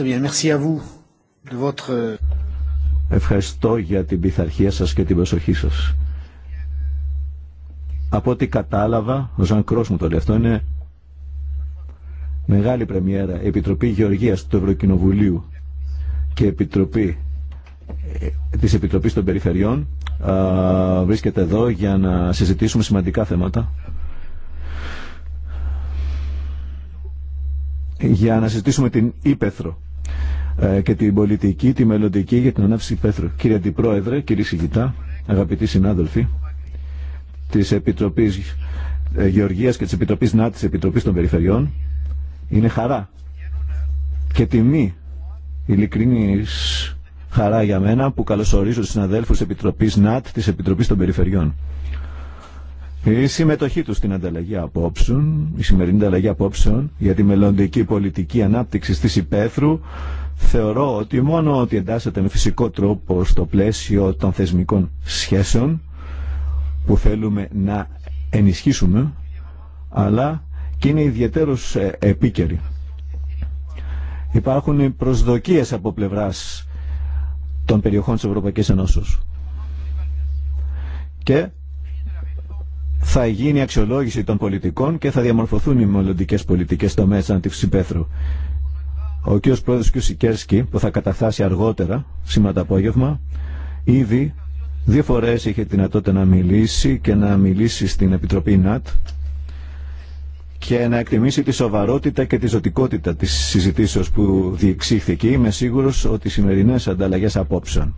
Euh, Ευχαριστώ για την πειθαρχία σας και την προσοχή σας. Από ό,τι κατάλαβα, ο Ζαν Κρός μου το λέει, αυτό είναι μεγάλη πρεμιέρα. Επιτροπή Γεωργίας του Ευρωκοινοβουλίου και Επιτροπή ε, της Επιτροπής των Περιφερειών βρίσκεται εδώ για να συζητήσουμε σημαντικά θέματα. Για να συζητήσουμε την Ήπεθρο ε, και την πολιτική, τη μελλοντική για την ανάπτυξη Πέθρου. Κύριε Αντιπρόεδρε, κύριε Σιγητά, αγαπητοί συνάδελφοι της Επιτροπής ε, Γεωργίας και τη Επιτροπή ΝΑΤ, τη Επιτροπή των Περιφερειών, είναι χαρά και τιμή ειλικρινή χαρά για μένα που καλωσορίζω τους συναδέλφους της Επιτροπής ΝΑΤ, της Επιτροπής των Περιφερειών. Η συμμετοχή του στην ανταλλαγή απόψεων, η σημερινή ανταλλαγή απόψεων για τη μελλοντική πολιτική ανάπτυξη της υπαίθρου Θεωρώ ότι μόνο ότι εντάσσεται με φυσικό τρόπο στο πλαίσιο των θεσμικών σχέσεων που θέλουμε να ενισχύσουμε, αλλά και είναι ιδιαίτερος ε, επίκαιρη. Υπάρχουν προσδοκίες από πλευράς των περιοχών της Ευρωπαϊκής Ενώσεως. Και θα γίνει αξιολόγηση των πολιτικών και θα διαμορφωθούν οι μελλοντικέ πολιτικές στο μέσα ο κ. Πρόεδρος κ. Σικέρσκι, που θα καταφτάσει αργότερα, σήμερα το απόγευμα, ήδη δύο φορές είχε τη δυνατότητα να μιλήσει και να μιλήσει στην Επιτροπή ΝΑΤ και να εκτιμήσει τη σοβαρότητα και τη ζωτικότητα της συζητήσεως που διεξήχθηκε. Είμαι σίγουρος ότι οι σημερινές ανταλλαγές απόψεων,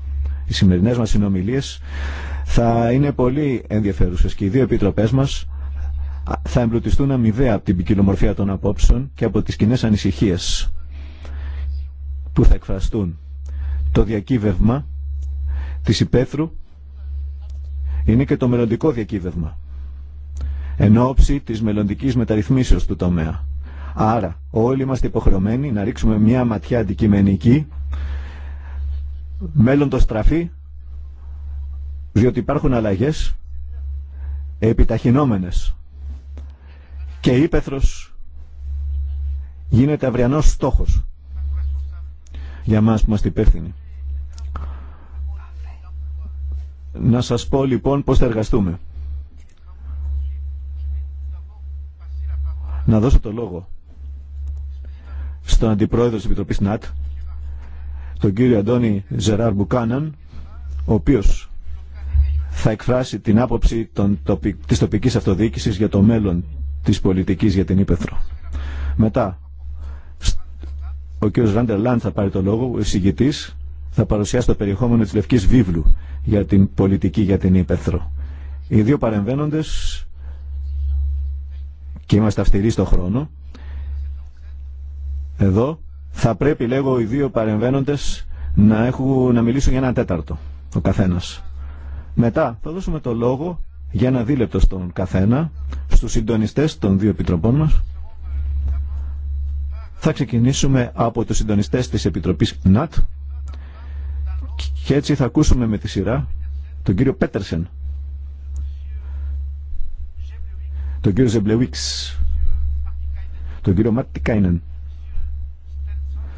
οι σημερινές μας συνομιλίες θα είναι πολύ ενδιαφέρουσες και οι δύο επιτροπές μας θα εμπλουτιστούν αμοιβαία από την ποικιλομορφία των απόψεων και από τις κοινέ ανησυχίε που θα εκφραστούν. Το διακύβευμα της υπαίθρου είναι και το μελλοντικό διακύβευμα εν ώψη της μελλοντική μεταρρυθμίσεως του τομέα. Άρα όλοι είμαστε υποχρεωμένοι να ρίξουμε μια ματιά αντικειμενική μέλλοντος στραφή διότι υπάρχουν αλλαγές επιταχυνόμενες και η γίνεται αυριανός στόχος για μας που είμαστε υπεύθυνοι. Να σας πω λοιπόν πώς θα εργαστούμε. Να δώσω το λόγο στον Αντιπρόεδρο της Επιτροπής ΝΑΤ, τον κύριο Αντώνη Ζεράρ Μπουκάναν, ο οποίος θα εκφράσει την άποψη τη τοπική της τοπικής αυτοδιοίκησης για το μέλλον της πολιτικής για την Ήπεθρο. Μετά ο κ. Ράντερ Λάντ θα πάρει το λόγο, ο εισηγητή θα παρουσιάσει το περιεχόμενο τη Λευκή Βίβλου για την πολιτική για την Ήπεθρο. Οι δύο παρεμβαίνοντε και είμαστε αυστηροί στο χρόνο. Εδώ θα πρέπει, λέγω, οι δύο παρεμβαίνοντε να, να μιλήσουν για ένα τέταρτο ο καθένα. Μετά θα δώσουμε το λόγο για ένα δίλεπτο στον καθένα, στους συντονιστές των δύο επιτροπών μας θα ξεκινήσουμε από τους συντονιστές της Επιτροπής ΝΑΤ και έτσι θα ακούσουμε με τη σειρά τον κύριο Πέτερσεν, τον κύριο Ζεμπλεουίξ, τον κύριο Κάινεν,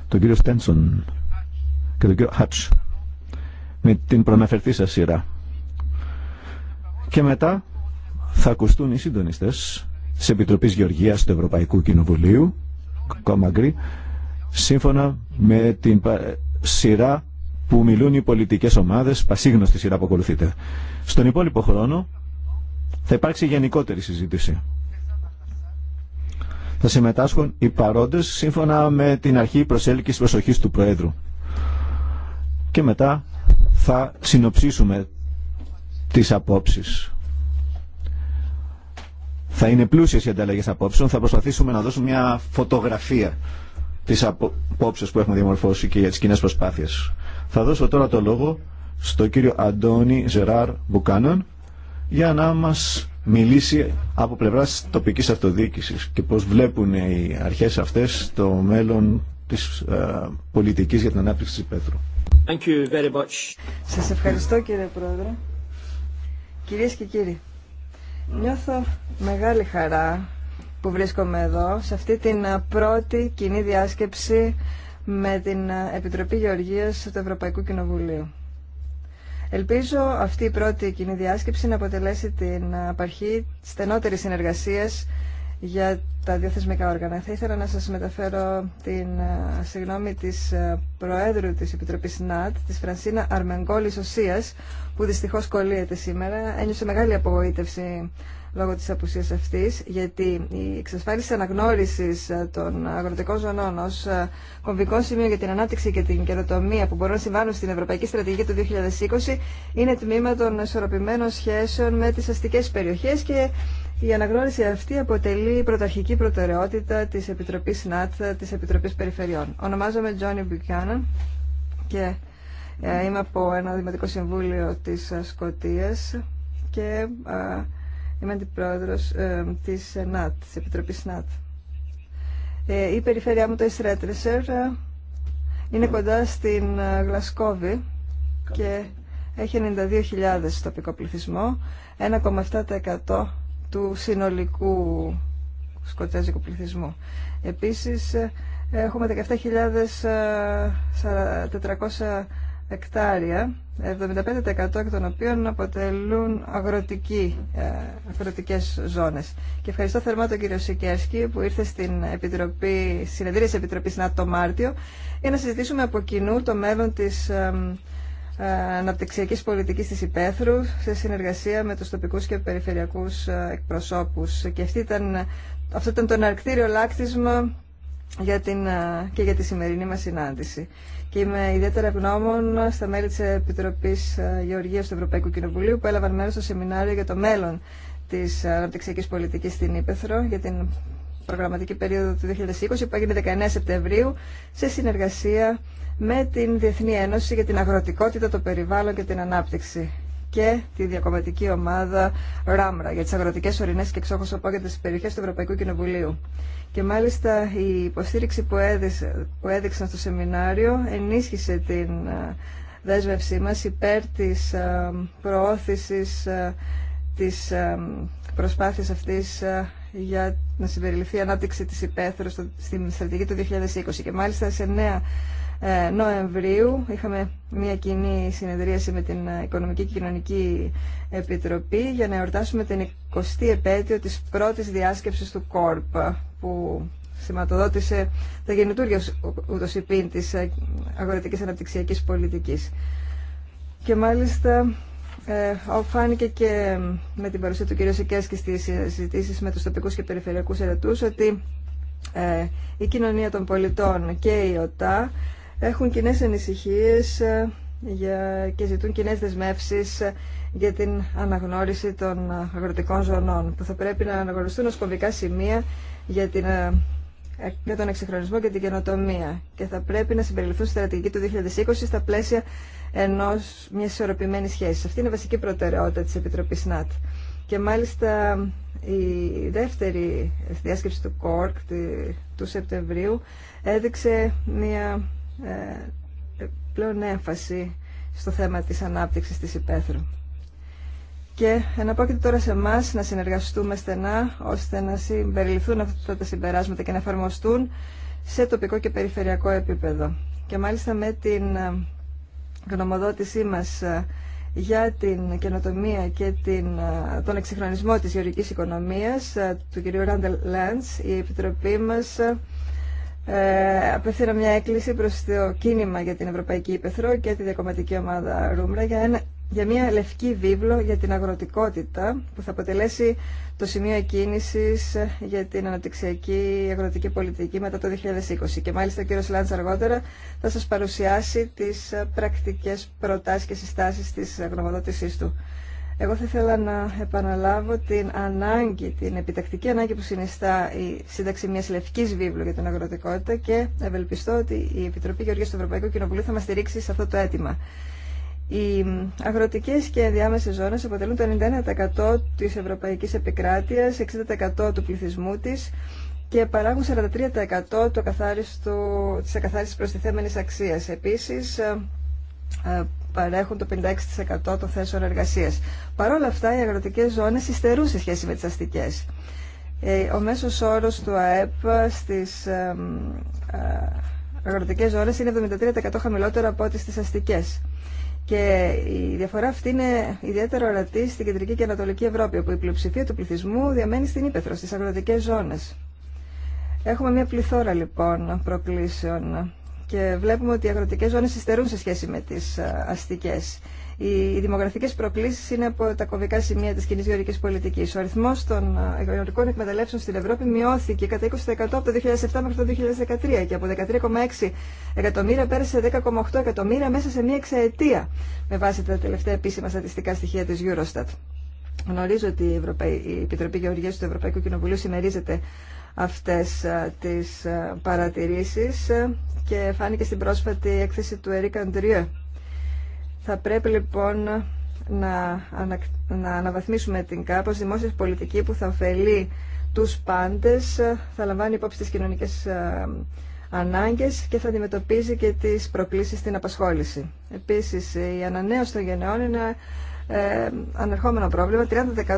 τον κύριο Στένσον και τον κύριο Χάτς με την προναφερθή σας σειρά. Και μετά θα ακουστούν οι συντονιστές της Επιτροπής Γεωργίας του Ευρωπαϊκού Κοινοβουλίου σύμφωνα με την σειρά που μιλούν οι πολιτικές ομάδες, πασίγνωστη σειρά που ακολουθείτε. Στον υπόλοιπο χρόνο θα υπάρξει γενικότερη συζήτηση. Θα συμμετάσχουν οι παρόντες σύμφωνα με την αρχή προσέλκυσης προσοχής του Προέδρου. Και μετά θα συνοψίσουμε τις απόψεις θα είναι πλούσιες οι ανταλλαγές απόψεων. Θα προσπαθήσουμε να δώσουμε μια φωτογραφία της απόψεως που έχουμε διαμορφώσει και για τις κοινέ προσπάθειες. Θα δώσω τώρα το λόγο στον κύριο Αντώνη Ζεράρ Μπουκάνων για να μας μιλήσει από πλευράς τοπικής αυτοδιοίκησης και πώς βλέπουν οι αρχές αυτές το μέλλον της ε, πολιτικής για την ανάπτυξη της Πέτρου. Thank ευχαριστώ κύριε Πρόεδρε. Κυρίες και κύριοι. Νιώθω μεγάλη χαρά που βρίσκομαι εδώ, σε αυτή την ε, πρώτη κοινή διάσκεψη με την ε, Επιτροπή Γεωργίας του Ευρωπαϊκού Κοινοβουλίου. Ελπίζω αυτή η πρώτη κοινή διάσκεψη να αποτελέσει την ε, απαρχή στενότερης συνεργασίας για τα δύο θεσμικά όργανα. Θα ήθελα να σας μεταφέρω την ε, συγγνώμη της ε, Προέδρου της Επιτροπής ΝΑΤ, της Φρανσίνα Αρμενγκόλη Οσίας, που δυστυχώς κολλείεται σήμερα. Ένιωσε μεγάλη απογοήτευση λόγω της απουσίας αυτής, γιατί η εξασφάλιση αναγνώρισης ε, των αγροτικών ζωνών ως κομβικό σημείο για την ανάπτυξη και την καινοτομία που μπορούν να συμβάνουν στην Ευρωπαϊκή Στρατηγική του 2020 είναι τμήμα των ισορροπημένων σχέσεων με τις αστικές περιοχές και η αναγνώριση αυτή αποτελεί η πρωταρχική προτεραιότητα της Επιτροπής ΝΑΤ, της Επιτροπής Περιφερειών. Ονομάζομαι Τζόνι Μπουκιάνα και ε, είμαι από ένα δημοτικό συμβούλιο της ε, Σκωτίας και ε, είμαι αντιπρόεδρος της ΝΑΤ, της Επιτροπής ΝΑΤ. Η περιφέρειά μου, το Ιστρέτρεσερ, είναι κοντά στην Γλασκόβη και έχει 92.000 τοπικό πληθυσμό, 1,7% του συνολικού σκοτσέζικου πληθυσμού. Επίσης, έχουμε 17.400 ε, εκτάρια, 75% εκ των οποίων αποτελούν αγροτικοί ε, αγροτικές ζώνες. Και ευχαριστώ θερμά τον κύριο Σικέσκη που ήρθε στην Επιτροπή, συνεδρία της Επιτροπής ΝΑΤΟ Μάρτιο για να συζητήσουμε από κοινού το μέλλον της ε, ε, Αναπτυξιακή πολιτική τη Υπέθρου σε συνεργασία με του τοπικού και περιφερειακού ε, εκπροσώπους. Και ήταν, αυτό ήταν το αναρκτήριο λάκτισμα για την, ε, και για τη σημερινή μας συνάντηση. Και είμαι ιδιαίτερα ευγνώμων στα μέλη της Επιτροπής Γεωργίας του Ευρωπαϊκού Κοινοβουλίου που έλαβαν μέρος στο σεμινάριο για το μέλλον της αναπτυξιακής πολιτικής στην Υπέθρο για την προγραμματική περίοδο του 2020 που έγινε 19 Σεπτεμβρίου σε συνεργασία με την Διεθνή Ένωση για την Αγροτικότητα, το Περιβάλλον και την Ανάπτυξη και τη διακομματική ομάδα ΡΑΜΡΑ για τι αγροτικέ ορεινέ και εξόχω απόγευτε περιοχέ του Ευρωπαϊκού Κοινοβουλίου. Και μάλιστα η υποστήριξη που, που έδειξαν στο σεμινάριο ενίσχυσε την ε, δέσμευσή μας υπέρ της ε, προώθησης ε, της προσπάθειας αυτής για να συμπεριληφθεί η ανάπτυξη της υπαίθρου στην στρατηγική του 2020 και μάλιστα σε νέα ε, Νοεμβρίου είχαμε μια κοινή συνεδρίαση με την Οικονομική και Κοινωνική Επιτροπή για να εορτάσουμε την 20η επέτειο της πρώτης διάσκεψης του ΚΟΡΠ που σηματοδότησε τα γεννητούρια ούτως υπήν της ε, αγορετικής αναπτυξιακής πολιτικής. Και μάλιστα ε, φάνηκε και με την παρουσία του κ. Σεκέσκη στις συζητήσεις με τους τοπικούς και περιφερειακούς ερετούς ότι ε, η κοινωνία των πολιτών και η ΟΤΑ έχουν κοινέ ανησυχίε ε, και ζητούν κοινέ δεσμεύσει ε, για την αναγνώριση των ε, αγροτικών ζωνών, που θα πρέπει να αναγνωριστούν ως κομβικά σημεία για, την, τον εξυγχρονισμό και την καινοτομία και θα πρέπει να συμπεριληφθούν στη στρατηγική του 2020 στα πλαίσια ενός μιας ισορροπημένης σχέσης. Αυτή είναι η βασική προτεραιότητα της Επιτροπής ΝΑΤ. Και μάλιστα η δεύτερη διάσκεψη του ΚΟΡΚ του Σεπτεμβρίου έδειξε μια ε, πλέον έμφαση στο θέμα της ανάπτυξης της υπαίθρου. Και εναπόκειται τώρα σε εμά να συνεργαστούμε στενά ώστε να συμπεριληφθούν αυτά τα συμπεράσματα και να εφαρμοστούν σε τοπικό και περιφερειακό επίπεδο. Και μάλιστα με την ε, γνωμοδότησή μας ε, για την καινοτομία και την, τον εξυγχρονισμό της γεωργικής οικονομίας του κ. Ράντελ Λάντς, η Επιτροπή μας ε, απευθύνω μια έκκληση προς το κίνημα για την Ευρωπαϊκή Υπεθρό και τη διακομματική ομάδα Ρούμπρα για, για μια λευκή βίβλο για την αγροτικότητα που θα αποτελέσει το σημείο εκκίνησης για την αναπτυξιακή αγροτική πολιτική μετά το 2020. Και μάλιστα ο κ. Λάντς αργότερα θα σας παρουσιάσει τις πρακτικές προτάσεις και συστάσεις της γνωμοδότησής του. Εγώ θα ήθελα να επαναλάβω την ανάγκη, την επιτακτική ανάγκη που συνιστά η σύνταξη μιας λευκής βίβλου για την αγροτικότητα και ευελπιστώ ότι η Επιτροπή Γεωργίας του Ευρωπαϊκού Κοινοβουλίου θα μας στηρίξει σε αυτό το αίτημα. Οι αγροτικές και διάμεσες ζώνες αποτελούν το 91% της ευρωπαϊκής επικράτειας, 60% του πληθυσμού της και παράγουν 43% τη ακαθάριστη της αξία. προστιθέμενης αξίας. Ε, ε, παρέχουν το 56% των θέσεων εργασία. Παρ' όλα αυτά, οι αγροτικέ ζώνες υστερούν σε σχέση με τι αστικέ. Ε, ο μέσο όρο του ΑΕΠ στι αγροτικές ζώνε είναι 73% χαμηλότερο από ό,τι στι αστικέ. Και η διαφορά αυτή είναι ιδιαίτερα ορατή στην κεντρική και ανατολική Ευρώπη, όπου η πλειοψηφία του πληθυσμού διαμένει στην Ήπεθρο, στι αγροτικέ ζώνε. Έχουμε μια πληθώρα λοιπόν προκλήσεων και βλέπουμε ότι οι αγροτικές ζώνες υστερούν σε σχέση με τις ε, αστικές. Οι δημογραφικέ προκλήσει είναι από τα κομβικά σημεία της κοινή γεωργικής πολιτικής. Ο αριθμό των ε, γεωργικών εκμεταλλεύσεων στην Ευρώπη μειώθηκε κατά 20% από το 2007 μέχρι το 2013 και από 13,6 εκατομμύρια πέρασε 10,8 εκατομμύρια μέσα σε μία εξαετία με βάση τα τελευταία επίσημα στατιστικά στοιχεία της Eurostat. Γνωρίζω ότι η, Επιτροπή Γεωργίας του Ευρωπαϊκού Κοινοβουλίου συμμερίζεται αυτές ε, τις ε, παρατηρήσεις ε, και φάνηκε στην πρόσφατη έκθεση του Ερίκ Θα πρέπει λοιπόν να, να αναβαθμίσουμε την κάπως δημόσια πολιτική που θα ωφελεί τους πάντες, θα λαμβάνει υπόψη τις κοινωνικές ανάγκες και θα αντιμετωπίζει και τις προκλήσεις στην απασχόληση. Επίσης, η ανανέωση των γενεών είναι ε, ανερχόμενο πρόβλημα.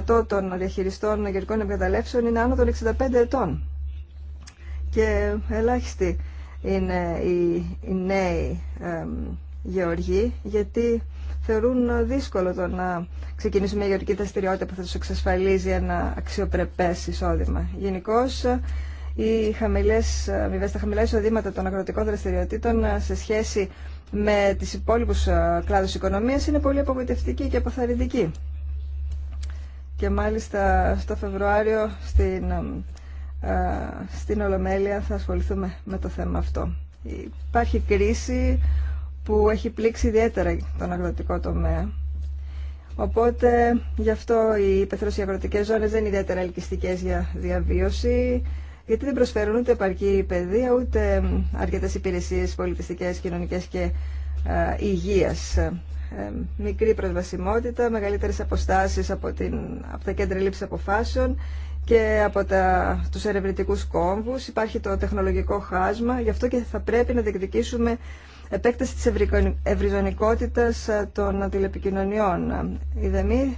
30% των διαχειριστών γερικών εγκαταλέψεων είναι άνω των 65 ετών. Και ελάχιστοι είναι οι, οι νέοι ε, γεωργοί, γιατί θεωρούν δύσκολο το να ξεκινήσουν μια γεωργική δραστηριότητα που θα τους εξασφαλίζει ένα αξιοπρεπές εισόδημα. Γενικώ, οι χαμηλές ε, αμοιβές, τα χαμηλά εισοδήματα των αγροτικών δραστηριοτήτων ε, σε σχέση με τις υπόλοιπους ε, κλάδους οικονομίας είναι πολύ απογοητευτική και αποθαρρυντική. Και μάλιστα στο Φεβρουάριο στην, ε, ε, στην Ολομέλεια θα ασχοληθούμε με το θέμα αυτό. Υπάρχει κρίση που έχει πλήξει ιδιαίτερα τον αγροτικό τομέα. Οπότε γι' αυτό οι υπεθρώσεις ζώνες δεν είναι ιδιαίτερα ελκυστικές για διαβίωση γιατί δεν προσφέρουν ούτε επαρκή παιδεία, ούτε αρκετές υπηρεσίες πολιτιστικέ, κοινωνικές και ε, υγείας. Ε, μικρή προσβασιμότητα, μεγαλύτερε αποστάσεις από, από τα κέντρα λήψη αποφάσεων και από τα, τους ερευνητικούς κόμβους. Υπάρχει το τεχνολογικό χάσμα, γι' αυτό και θα πρέπει να διεκδικήσουμε επέκταση της ευρυζωνικότητας ε, των τηλεπικοινωνιών. Οι δεμοί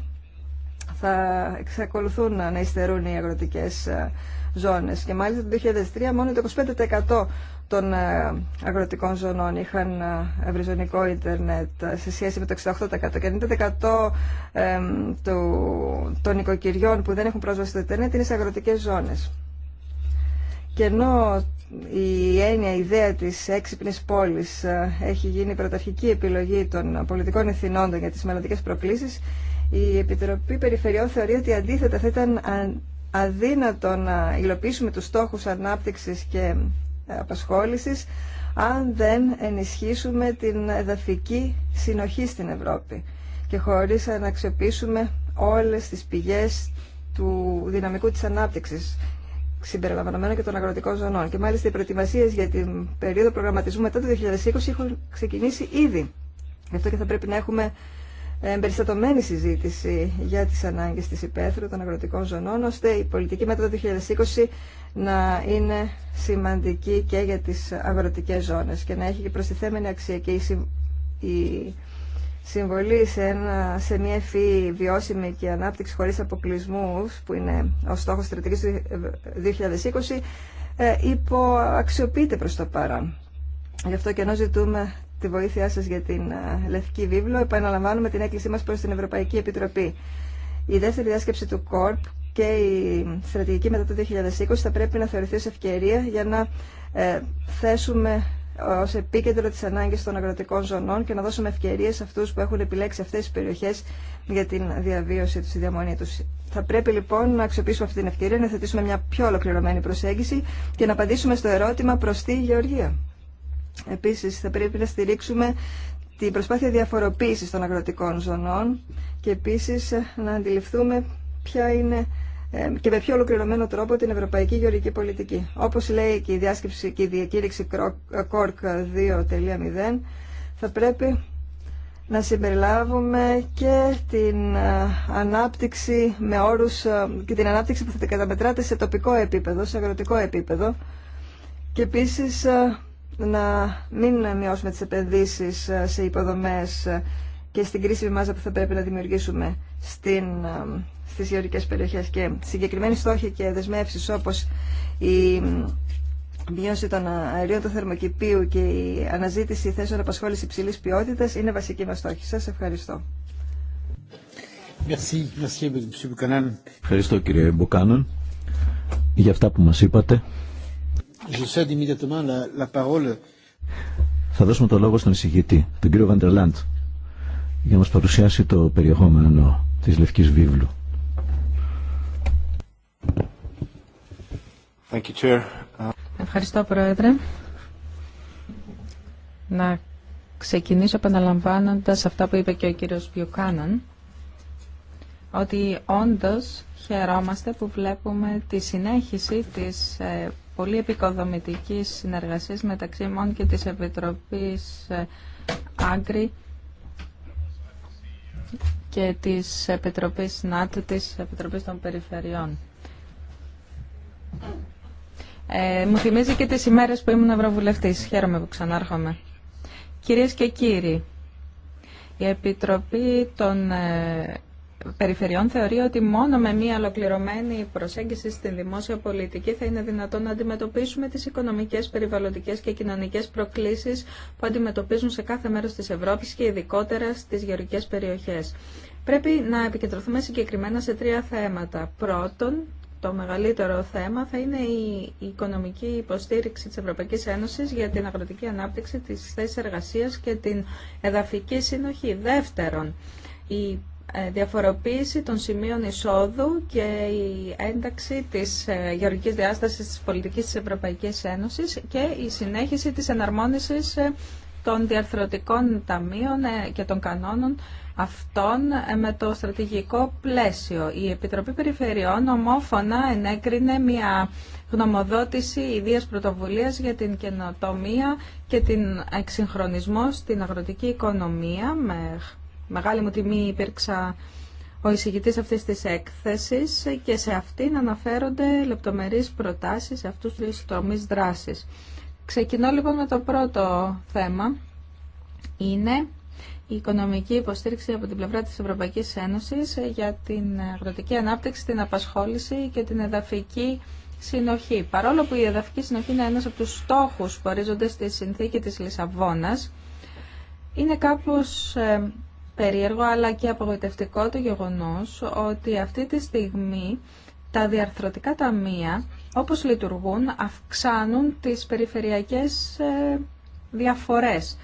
θα εξακολουθούν να υστερούν οι αγροτικές ζώνες και μάλιστα το 2003 μόνο το 25% των ε, αγροτικών ζωνών είχαν ε, ευρυζωνικό ίντερνετ ε, σε σχέση με το 68% και 90% των οικοκυριών που δεν έχουν πρόσβαση στο ίντερνετ είναι σε αγροτικές ζώνες. Και ενώ η έννοια, η ιδέα της έξυπνης πόλης έχει γίνει η πρωταρχική επιλογή των πολιτικών εθνών για τις μελλοντικές προκλήσεις, η Επιτροπή Περιφερειών θεωρεί ότι αντίθετα θα ήταν αδύνατο να υλοποιήσουμε τους στόχους ανάπτυξης και ε, απασχόλησης αν δεν ενισχύσουμε την εδαφική συνοχή στην Ευρώπη και χωρίς να αξιοποιήσουμε όλες τις πηγές του δυναμικού της ανάπτυξης συμπεριλαμβανομένων και των αγροτικών ζωνών. Και μάλιστα οι προετοιμασίες για την περίοδο προγραμματισμού μετά το 2020 έχουν ξεκινήσει ήδη. Γι' αυτό και θα πρέπει να έχουμε εμπεριστατωμένη συζήτηση για τις ανάγκες της υπαίθρου των αγροτικών ζωνών, ώστε η πολιτική μετά το 2020 να είναι σημαντική και για τις αγροτικές ζώνες και να έχει και προστιθέμενη αξία και η συμβολή σε, ένα, μια ευφύ βιώσιμη και ανάπτυξη χωρίς αποκλεισμού που είναι ο στόχος στρατηγικής του 2020, ε, υποαξιοποιείται προς το παρόν. Γι' αυτό και ενώ ζητούμε τη βοήθειά σας για την ε, Λευκή Βίβλο. Επαναλαμβάνουμε την έκκλησή μας προς την Ευρωπαϊκή Επιτροπή. Η δεύτερη διάσκεψη του ΚΟΡΠ και η στρατηγική μετά το 2020 θα πρέπει να θεωρηθεί ως ευκαιρία για να ε, θέσουμε ως επίκεντρο τις ανάγκες των αγροτικών ζωνών και να δώσουμε ευκαιρίες σε αυτούς που έχουν επιλέξει αυτές τις περιοχές για την διαβίωση του, τη διαμονή τους. Θα πρέπει λοιπόν να αξιοποιήσουμε αυτή την ευκαιρία, να θετήσουμε μια πιο ολοκληρωμένη προσέγγιση και να απαντήσουμε στο ερώτημα προς τη γεωργία. Επίσης θα πρέπει να στηρίξουμε την προσπάθεια διαφοροποίησης των αγροτικών ζωνών και επίσης να αντιληφθούμε ποια είναι ε, και με πιο ολοκληρωμένο τρόπο την Ευρωπαϊκή Γεωργική Πολιτική. Όπως λέει και η διάσκεψη και η διακήρυξη CORK 2.0 ε, θα πρέπει να συμπεριλάβουμε και την ε, ανάπτυξη με όρους και την ανάπτυξη που θα καταμετράτε σε τοπικό επίπεδο, σε αγροτικό επίπεδο και επίσης να μην μειώσουμε τις επενδύσεις ε, σε υποδομές ε, και στην κρίσιμη μάζα που θα πρέπει να δημιουργήσουμε στην, ε, στις γεωρικές περιοχές και συγκεκριμένοι στόχοι και δεσμεύσεις όπως η μείωση των αερίων του θερμοκηπίου και η αναζήτηση θέσεων απασχόληση υψηλή ποιότητα είναι βασική μας στόχη. Σας ευχαριστώ. Ευχαριστώ κύριε Μπουκάνον για αυτά που μας είπατε. Θα δώσουμε το λόγο στον εισηγητή, τον κύριο Βαντερλάντ, για να μας παρουσιάσει το περιεχόμενο της Λευκής Βίβλου. Ευχαριστώ, Πρόεδρε. Να ξεκινήσω επαναλαμβάνοντα αυτά που είπε και ο κύριος Πιουκάναν, ότι όντως χαιρόμαστε που βλέπουμε τη συνέχιση της ε, πολύ επικοδομητική συνεργασία μεταξύ μόνο και της Επιτροπής ε, Άγκρη και της Επιτροπής ΝΑΤ, της Επιτροπής των Περιφερειών. Ε, μου θυμίζει και τις ημέρες που ήμουν Ευρωβουλευτής. Χαίρομαι που ξανάρχομαι. Κυρίες και κύριοι, η Επιτροπή των ε, περιφερειών θεωρεί ότι μόνο με μια ολοκληρωμένη προσέγγιση στην δημόσια πολιτική θα είναι δυνατόν να αντιμετωπίσουμε τις οικονομικές, περιβαλλοντικές και κοινωνικές προκλήσεις που αντιμετωπίζουν σε κάθε μέρος της Ευρώπης και ειδικότερα στις γεωργικές περιοχές. Πρέπει να επικεντρωθούμε συγκεκριμένα σε τρία θέματα. Πρώτον, το μεγαλύτερο θέμα θα είναι η οικονομική υποστήριξη της Ευρωπαϊκής Ένωσης για την αγροτική ανάπτυξη της θέσης εργασίας και την εδαφική συνοχή. Δεύτερον, η ε, διαφοροποίηση των σημείων εισόδου και η ένταξη της ε, γεωργικής διάστασης της πολιτικής της Ευρωπαϊκής Ένωσης και η συνέχιση της εναρμόνισης ε, των διαρθρωτικών ταμείων και των κανόνων αυτών με το στρατηγικό πλαίσιο. Η Επιτροπή Περιφερειών ομόφωνα ενέκρινε μια γνωμοδότηση ιδίας πρωτοβουλίας για την καινοτομία και την εξυγχρονισμό στην αγροτική οικονομία με μεγάλη μου τιμή υπήρξα ο εισηγητής αυτής της έκθεσης και σε αυτήν αναφέρονται λεπτομερείς προτάσεις σε αυτούς τους τομείς δράσης. Ξεκινώ λοιπόν με το πρώτο θέμα. Είναι η οικονομική υποστήριξη από την πλευρά της Ευρωπαϊκής Ένωσης για την αγροτική ανάπτυξη, την απασχόληση και την εδαφική συνοχή. Παρόλο που η εδαφική συνοχή είναι ένας από τους στόχους που ορίζονται στη συνθήκη της Λισαβόνας, είναι κάπως ε, περίεργο αλλά και απογοητευτικό το γεγονός ότι αυτή τη στιγμή τα διαρθρωτικά ταμεία όπως λειτουργούν αυξάνουν τις περιφερειακές ε, διαφορές.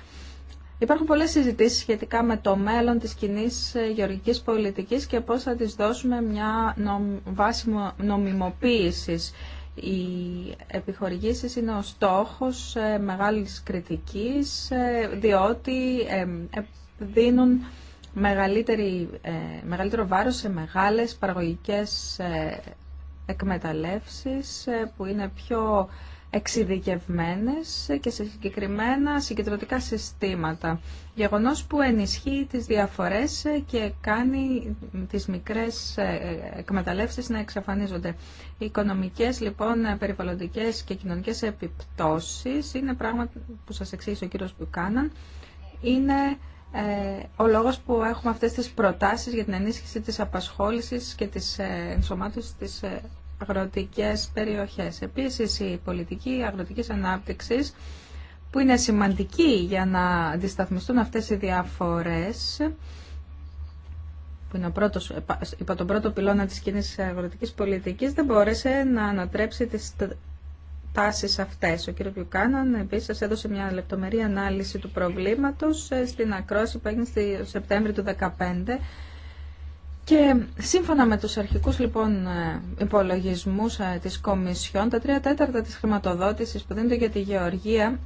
Υπάρχουν πολλές συζητήσεις σχετικά με το μέλλον της κοινή ε, γεωργικής πολιτικής και πώς θα της δώσουμε μια βάση νομιμοποίησης. Οι επιχορηγήσεις είναι ο στόχος ε, μεγάλης κριτικής διότι δίνουν μεγαλύτερη, ε, μεγαλύτερο βάρος σε μεγάλες παραγωγικές ε, εκμεταλλεύσεις ε, που είναι πιο εξειδικευμένες και σε συγκεκριμένα συγκεντρωτικά συστήματα. Γεγονός που ενισχύει τις διαφορές και κάνει τις μικρές εκμεταλλεύσεις να εξαφανίζονται. Οι οικονομικές, λοιπόν, περιβαλλοντικές και κοινωνικές επιπτώσεις είναι πράγματα που σας εξήγησε ο κύριος Μπουκάναν, είναι ε, ο λόγος που έχουμε αυτές τις προτάσεις για την ενίσχυση της απασχόλησης και της ε, ενσωμάτωσης στις ε, αγροτικές περιοχές. Επίσης, η πολιτική αγροτικής ανάπτυξης, που είναι σημαντική για να αντισταθμιστούν αυτές οι διαφορές, που είναι πρώτος, υπό τον πρώτο πυλώνα της κοινή αγροτικής πολιτικής, δεν μπόρεσε να ανατρέψει τις τάσεις αυτές. Ο κ. Πιουκάναν Επίση, σας έδωσε μια λεπτομερή ανάλυση του προβλήματος ε, στην ακρόαση που έγινε στη Σεπτέμβριο του 2015 και σύμφωνα με τους αρχικούς λοιπόν ε, υπολογισμούς ε, της Κομισιόν, τα τρία τέταρτα της χρηματοδότησης που δίνεται για τη γεωργία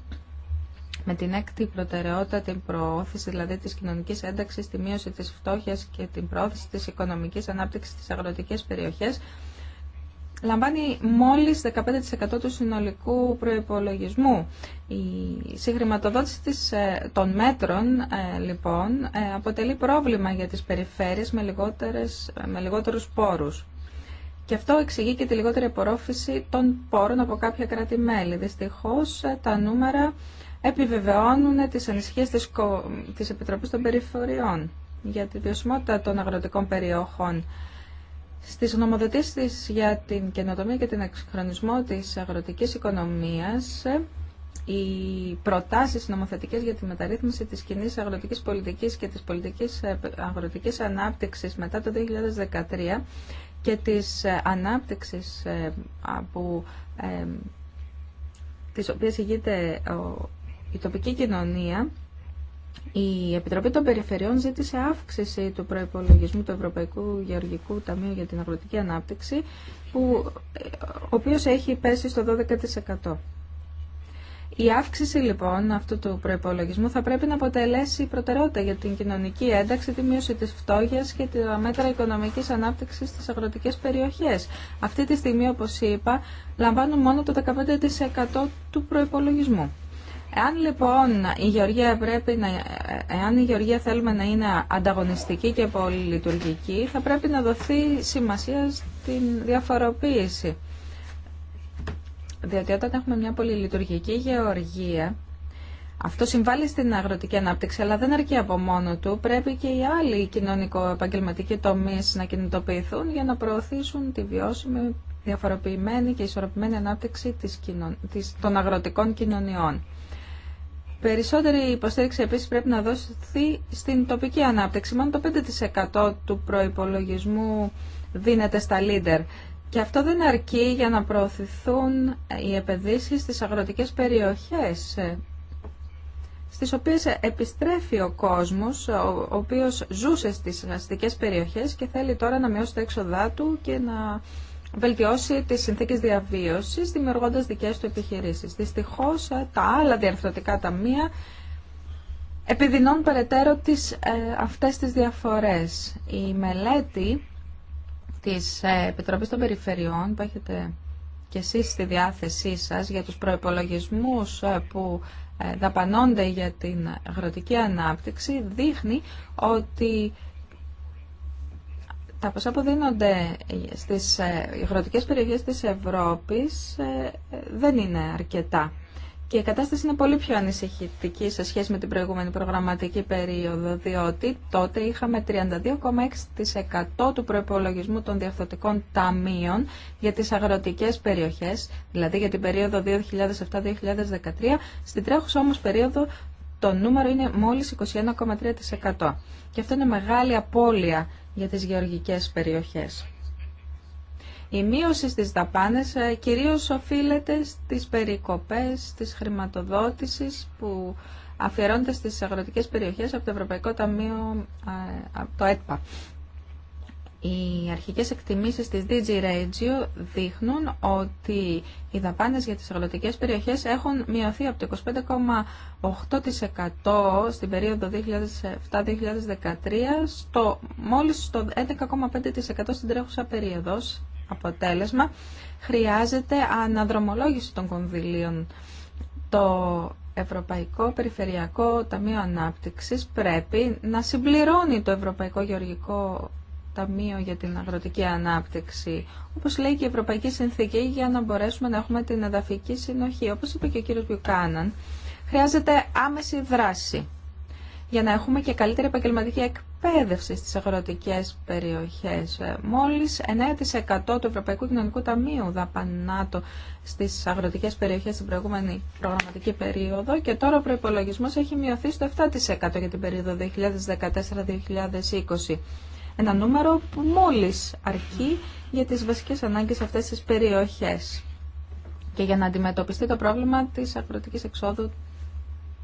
με την έκτη προτεραιότητα την προώθηση δηλαδή της κοινωνικής ένταξης, τη μείωση της φτώχειας και την προώθηση της οικονομικής ανάπτυξης στις αγροτικές περιοχές λαμβάνει μόλις 15% του συνολικού προϋπολογισμού. Η συγχρηματοδότηση ε, των μέτρων, ε, λοιπόν, ε, αποτελεί πρόβλημα για τις περιφέρειες με, λιγότερες, με λιγότερους πόρους. Και αυτό εξηγεί και τη λιγότερη απορρόφηση των πόρων από κάποια κράτη-μέλη. Δυστυχώς, τα νούμερα επιβεβαιώνουν τις ανησυχίες της, της Επιτροπής των Περιφοριών για τη βιωσιμότητα των αγροτικών περιοχών. Στις νομοθετήσεις για την καινοτομία και την εξυγχρονισμό της αγροτικής οικονομίας, οι προτάσεις νομοθετικές για τη μεταρρύθμιση της κοινή αγροτικής πολιτικής και της πολιτικής ε, αγροτικής ανάπτυξης μετά το 2013 και της ε, ανάπτυξης ε, που, της οποίας ηγείται η τοπική κοινωνία η Επιτροπή των Περιφερειών ζήτησε αύξηση του προϋπολογισμού του Ευρωπαϊκού Γεωργικού Ταμείου για την Αγροτική Ανάπτυξη, που, ο οποίος έχει πέσει στο 12%. Η αύξηση λοιπόν αυτού του προπολογισμού θα πρέπει να αποτελέσει προτεραιότητα για την κοινωνική ένταξη, τη μείωση τη φτώχεια και τα μέτρα οικονομική ανάπτυξη στι αγροτικέ περιοχέ. Αυτή τη στιγμή, όπω είπα, λαμβάνουν μόνο το 15% του προπολογισμού. Εάν λοιπόν η Γεωργία πρέπει να, εάν η Γεωργία θέλουμε να είναι ανταγωνιστική και πολυλειτουργική, θα πρέπει να δοθεί σημασία στην διαφοροποίηση. Διότι όταν έχουμε μια πολυλειτουργική γεωργία, αυτό συμβάλλει στην αγροτική ανάπτυξη, αλλά δεν αρκεί από μόνο του. Πρέπει και οι άλλοι κοινωνικο-επαγγελματικοί τομεί να κινητοποιηθούν για να προωθήσουν τη βιώσιμη, διαφοροποιημένη και ισορροπημένη ανάπτυξη της των αγροτικών κοινωνιών. Περισσότερη υποστήριξη επίσης πρέπει να δώσει στην τοπική ανάπτυξη. Μόνο το 5% του προϋπολογισμού δίνεται στα leader. Και αυτό δεν αρκεί για να προωθηθούν οι επενδύσεις στις αγροτικές περιοχές στις οποίες επιστρέφει ο κόσμος, ο οποίος ζούσε στις αστικές περιοχές και θέλει τώρα να μειώσει τα έξοδά του και να βελτιώσει τις συνθήκες διαβίωσης δημιουργώντας δικές του επιχειρήσεις. Δυστυχώς ε, τα άλλα διαρθρωτικά ταμεία επιδεινώνουν περαιτέρω τις, ε, αυτές τις διαφορές. Η μελέτη της ε, Επιτροπής των Περιφερειών που έχετε και εσείς στη διάθεσή σας για τους προϋπολογισμούς που δαπανώνται για την αγροτική ανάπτυξη δείχνει ότι τα ποσά που δίνονται στις ε, αγροτικές περιοχές της Ευρώπης ε, δεν είναι αρκετά. Και η κατάσταση είναι πολύ πιο ανησυχητική σε σχέση με την προηγούμενη προγραμματική περίοδο, διότι τότε είχαμε 32,6% του προϋπολογισμού των διαφθορτικών ταμείων για τις αγροτικές περιοχές, δηλαδή για την περίοδο 2007-2013. Στην τρέχουσα όμως περίοδο το νούμερο είναι μόλις 21,3%. Και αυτό είναι μεγάλη απώλεια για τις γεωργικές περιοχές. Η μείωση στις δαπάνες ε, κυρίως οφείλεται στις περικοπές της χρηματοδότησης που αφιερώνεται στις αγροτικές περιοχές από το Ευρωπαϊκό Ταμείο, ε, το ΕΤΠΑ. Οι αρχικές εκτιμήσεις της DG Regio δείχνουν ότι οι δαπάνες για τις αγροτικές περιοχές έχουν μειωθεί από το 25,8% στην περίοδο 2007-2013 στο, μόλις στο 11,5% στην τρέχουσα περίοδος. Αποτέλεσμα, χρειάζεται αναδρομολόγηση των κονδυλίων. Το Ευρωπαϊκό Περιφερειακό Ταμείο Ανάπτυξης πρέπει να συμπληρώνει το Ευρωπαϊκό Γεωργικό Ταμείο για την Αγροτική Ανάπτυξη, όπως λέει και η Ευρωπαϊκή Συνθήκη, για να μπορέσουμε να έχουμε την εδαφική συνοχή. Όπως είπε και ο κύριος Μπιουκάναν, χρειάζεται άμεση δράση για να έχουμε και καλύτερη επαγγελματική εκπαίδευση στις αγροτικές περιοχές. Μόλις 9% του Ευρωπαϊκού Κοινωνικού Ταμείου δαπανάτο στις αγροτικές περιοχές στην προηγούμενη προγραμματική περίοδο και τώρα ο προϋπολογισμός έχει μειωθεί στο 7% για την περίοδο 2014-2020. Ένα νούμερο που μόλις αρκεί για τις βασικές ανάγκες αυτές τις περιοχές και για να αντιμετωπιστεί το πρόβλημα της αγροτικής εξόδου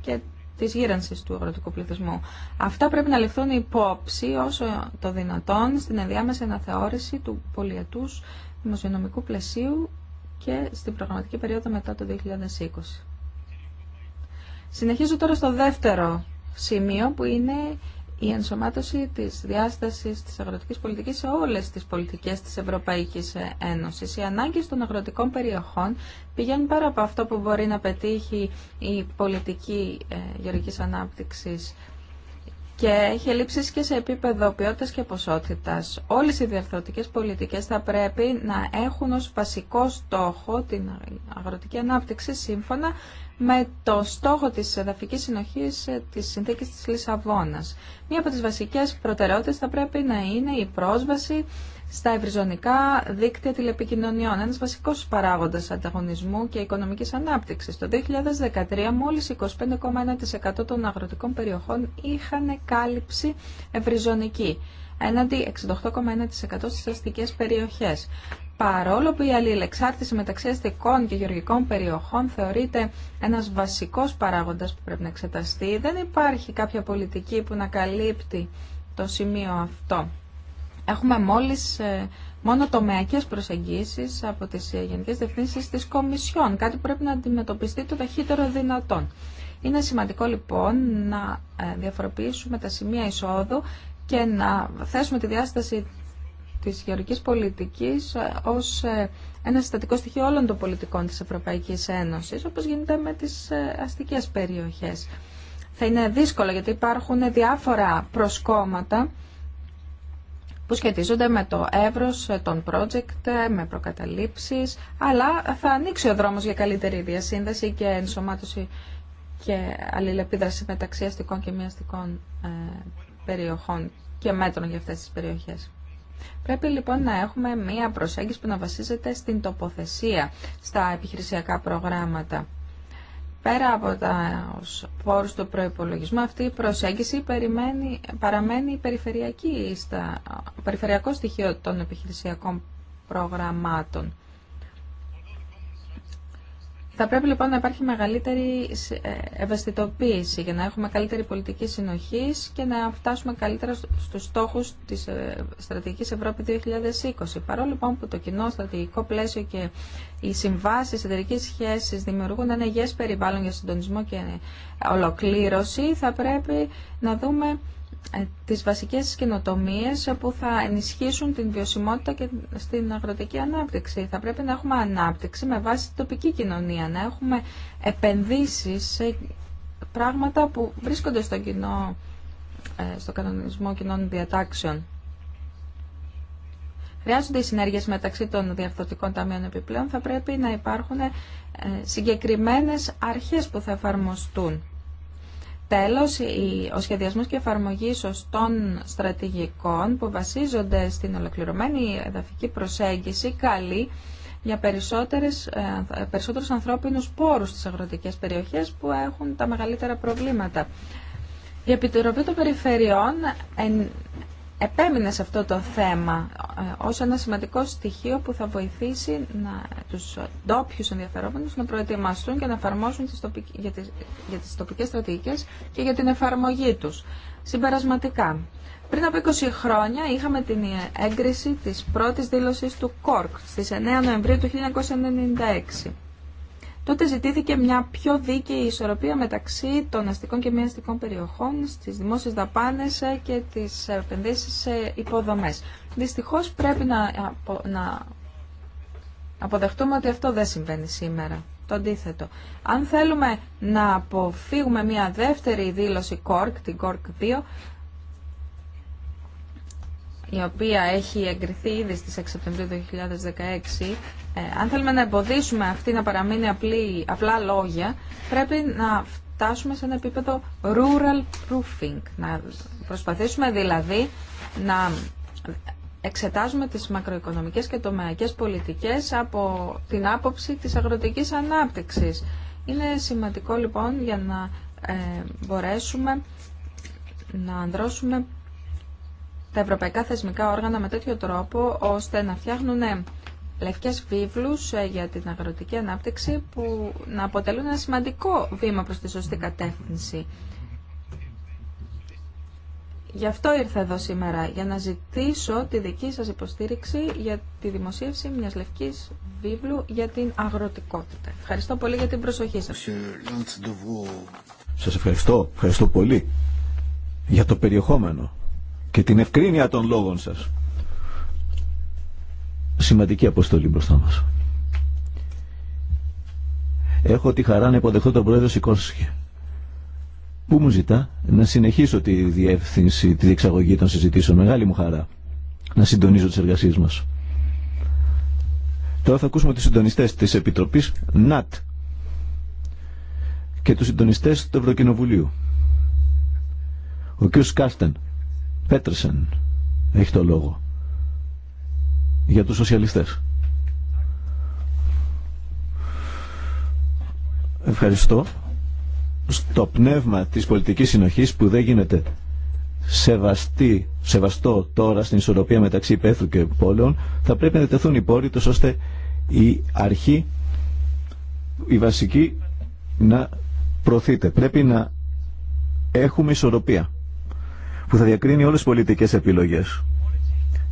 και της γύρανσης του αγροτικού πληθυσμού. Αυτά πρέπει να ληφθούν υπόψη όσο το δυνατόν στην ενδιάμεση αναθεώρηση του πολιετούς δημοσιονομικού πλαισίου και στην προγραμματική περίοδο μετά το 2020. Συνεχίζω τώρα στο δεύτερο σημείο που είναι η ενσωμάτωση της διάστασης της αγροτικής πολιτικής σε όλες τις πολιτικές της Ευρωπαϊκής Ένωσης. Οι ανάγκες των αγροτικών περιοχών πηγαίνουν πέρα από αυτό που μπορεί να πετύχει η πολιτική ε, γεωργικής ανάπτυξης και έχει λήψεις και σε επίπεδο ποιότητας και ποσότητας. Όλες οι διαρθρωτικές πολιτικές θα πρέπει να έχουν ως βασικό στόχο την αγροτική ανάπτυξη σύμφωνα με το στόχο της εδαφικής συνοχής ε, της συνθήκης της Λισαβόνας. Μία από τις βασικές προτεραιότητες θα πρέπει να είναι η πρόσβαση στα ευρυζωνικά δίκτυα τηλεπικοινωνιών, ένας βασικός παράγοντας ανταγωνισμού και οικονομικής ανάπτυξης. Το 2013 μόλις 25,1% των αγροτικών περιοχών είχαν κάλυψη ευρυζωνική, έναντι 68,1% στις αστικές περιοχές. Παρόλο που η αλληλεξάρτηση μεταξύ αστικών και γεωργικών περιοχών θεωρείται ένας βασικός παράγοντας που πρέπει να εξεταστεί, δεν υπάρχει κάποια πολιτική που να καλύπτει το σημείο αυτό. Έχουμε μόλις ε, μόνο τομεακές προσεγγίσεις από τις ε, Γενικές Διευθύνσεις της Κομισιόν, κάτι που πρέπει να αντιμετωπιστεί το ταχύτερο δυνατόν. Είναι σημαντικό λοιπόν να ε, διαφοροποιήσουμε τα σημεία εισόδου και να θέσουμε τη διάσταση της γεωργικής πολιτικής ως ένα συστατικό στοιχείο όλων των πολιτικών της Ευρωπαϊκής Ένωσης, όπως γίνεται με τις αστικές περιοχές. Θα είναι δύσκολο γιατί υπάρχουν διάφορα προσκόμματα που σχετίζονται με το εύρος των project, με προκαταλήψεις, αλλά θα ανοίξει ο δρόμος για καλύτερη διασύνδεση και ενσωμάτωση και αλληλεπίδραση μεταξύ αστικών και μη αστικών ε, περιοχών και μέτρων για αυτές τις περιοχές. Πρέπει λοιπόν να έχουμε μία προσέγγιση που να βασίζεται στην τοποθεσία στα επιχειρησιακά προγράμματα. Πέρα από τα πόρου του προπολογισμού, αυτή η προσέγγιση περιμένει, παραμένει περιφερειακή στα, περιφερειακό στοιχείο των επιχειρησιακών προγραμμάτων. Θα πρέπει λοιπόν να υπάρχει μεγαλύτερη ε, ευαισθητοποίηση για να έχουμε καλύτερη πολιτική συνοχή και να φτάσουμε καλύτερα στους στόχους της ε, Στρατηγικής Ευρώπη 2020. Παρόλο λοιπόν που το κοινό στρατηγικό πλαίσιο και οι συμβάσει εταιρική σχέση δημιουργούν ένα υγιέ περιβάλλον για συντονισμό και ολοκλήρωση, θα πρέπει να δούμε ε, τις βασικές καινοτομίες που θα ενισχύσουν την βιωσιμότητα και στην αγροτική ανάπτυξη. Θα πρέπει να έχουμε ανάπτυξη με βάση την τοπική κοινωνία, να έχουμε επενδύσεις σε πράγματα που βρίσκονται στο, κοινό, ε, στο κανονισμό κοινών διατάξεων. Χρειάζονται οι συνέργειες μεταξύ των διαφθορτικών ταμείων επιπλέον. Θα πρέπει να υπάρχουν ε, συγκεκριμένες αρχές που θα εφαρμοστούν. Τέλος, ο σχεδιασμός και εφαρμογή σωστών στρατηγικών που βασίζονται στην ολοκληρωμένη εδαφική προσέγγιση καλεί για περισσότερες, ε, περισσότερους ανθρώπινους πόρους στις αγροτικές περιοχές που έχουν τα μεγαλύτερα προβλήματα. Η Επιτροπή των Περιφερειών επέμεινε σε αυτό το θέμα ε, ως ένα σημαντικό στοιχείο που θα βοηθήσει να, τους ντόπιου ενδιαφερόμενους να προετοιμαστούν και να εφαρμόσουν τις τοπικές, για, τις, για τις τοπικές στρατηγικές και για την εφαρμογή τους. Συμπερασματικά, πριν από 20 χρόνια είχαμε την έγκριση της πρώτης δήλωσης του ΚΟΡΚ στις 9 Νοεμβρίου του 1996 τότε ζητήθηκε μια πιο δίκαιη ισορροπία μεταξύ των αστικών και μη αστικών περιοχών στις δημόσιε δαπάνε και τι επενδύσει σε υποδομέ. Δυστυχώ πρέπει να, να αποδεχτούμε ότι αυτό δεν συμβαίνει σήμερα. Το αντίθετο. Αν θέλουμε να αποφύγουμε μια δεύτερη δήλωση ΚΟΡΚ, την ΚΟΡΚ 2, η οποία έχει εγκριθεί ήδη στις 6 Σεπτεμβρίου 2016, ε, αν θέλουμε να εμποδίσουμε αυτή να παραμείνει απλή, απλά λόγια, πρέπει να φτάσουμε σε ένα επίπεδο rural proofing. Να προσπαθήσουμε δηλαδή να εξετάζουμε τις μακροοικονομικές και τομεακές πολιτικές από την άποψη της αγροτικής ανάπτυξης. Είναι σημαντικό λοιπόν για να ε, μπορέσουμε να ανδρώσουμε τα ευρωπαϊκά θεσμικά όργανα με τέτοιο τρόπο ώστε να φτιάχνουν ναι, λευκές βίβλους ε, για την αγροτική ανάπτυξη που να αποτελούν ένα σημαντικό βήμα προς τη σωστή κατεύθυνση. Γι' αυτό ήρθα εδώ σήμερα, για να ζητήσω τη δική σας υποστήριξη για τη δημοσίευση μιας λευκής βίβλου για την αγροτικότητα. Ευχαριστώ πολύ για την προσοχή σας. Σας ευχαριστώ. Ευχαριστώ πολύ για το περιεχόμενο και την ευκρίνεια των λόγων σας. Σημαντική αποστολή μπροστά μας. Έχω τη χαρά να υποδεχτώ τον πρόεδρο Σικώσχη που μου ζητά να συνεχίσω τη διεύθυνση, τη διεξαγωγή των συζητήσεων. Μεγάλη μου χαρά να συντονίζω τις εργασίες μας. Τώρα θα ακούσουμε τους συντονιστές της Επιτροπής ΝΑΤ και τους συντονιστές του Ευρωκοινοβουλίου. Ο κ. Κάστεν Πέτρεσεν έχει το λόγο για τους σοσιαλιστές. Ευχαριστώ. Στο πνεύμα της πολιτικής συνοχής που δεν γίνεται σεβαστή, σεβαστό τώρα στην ισορροπία μεταξύ υπαίθρου και πόλεων θα πρέπει να τεθούν οι ώστε η αρχή η βασική να προωθείται. Πρέπει να έχουμε ισορροπία που θα διακρίνει όλες τις πολιτικές επιλογές.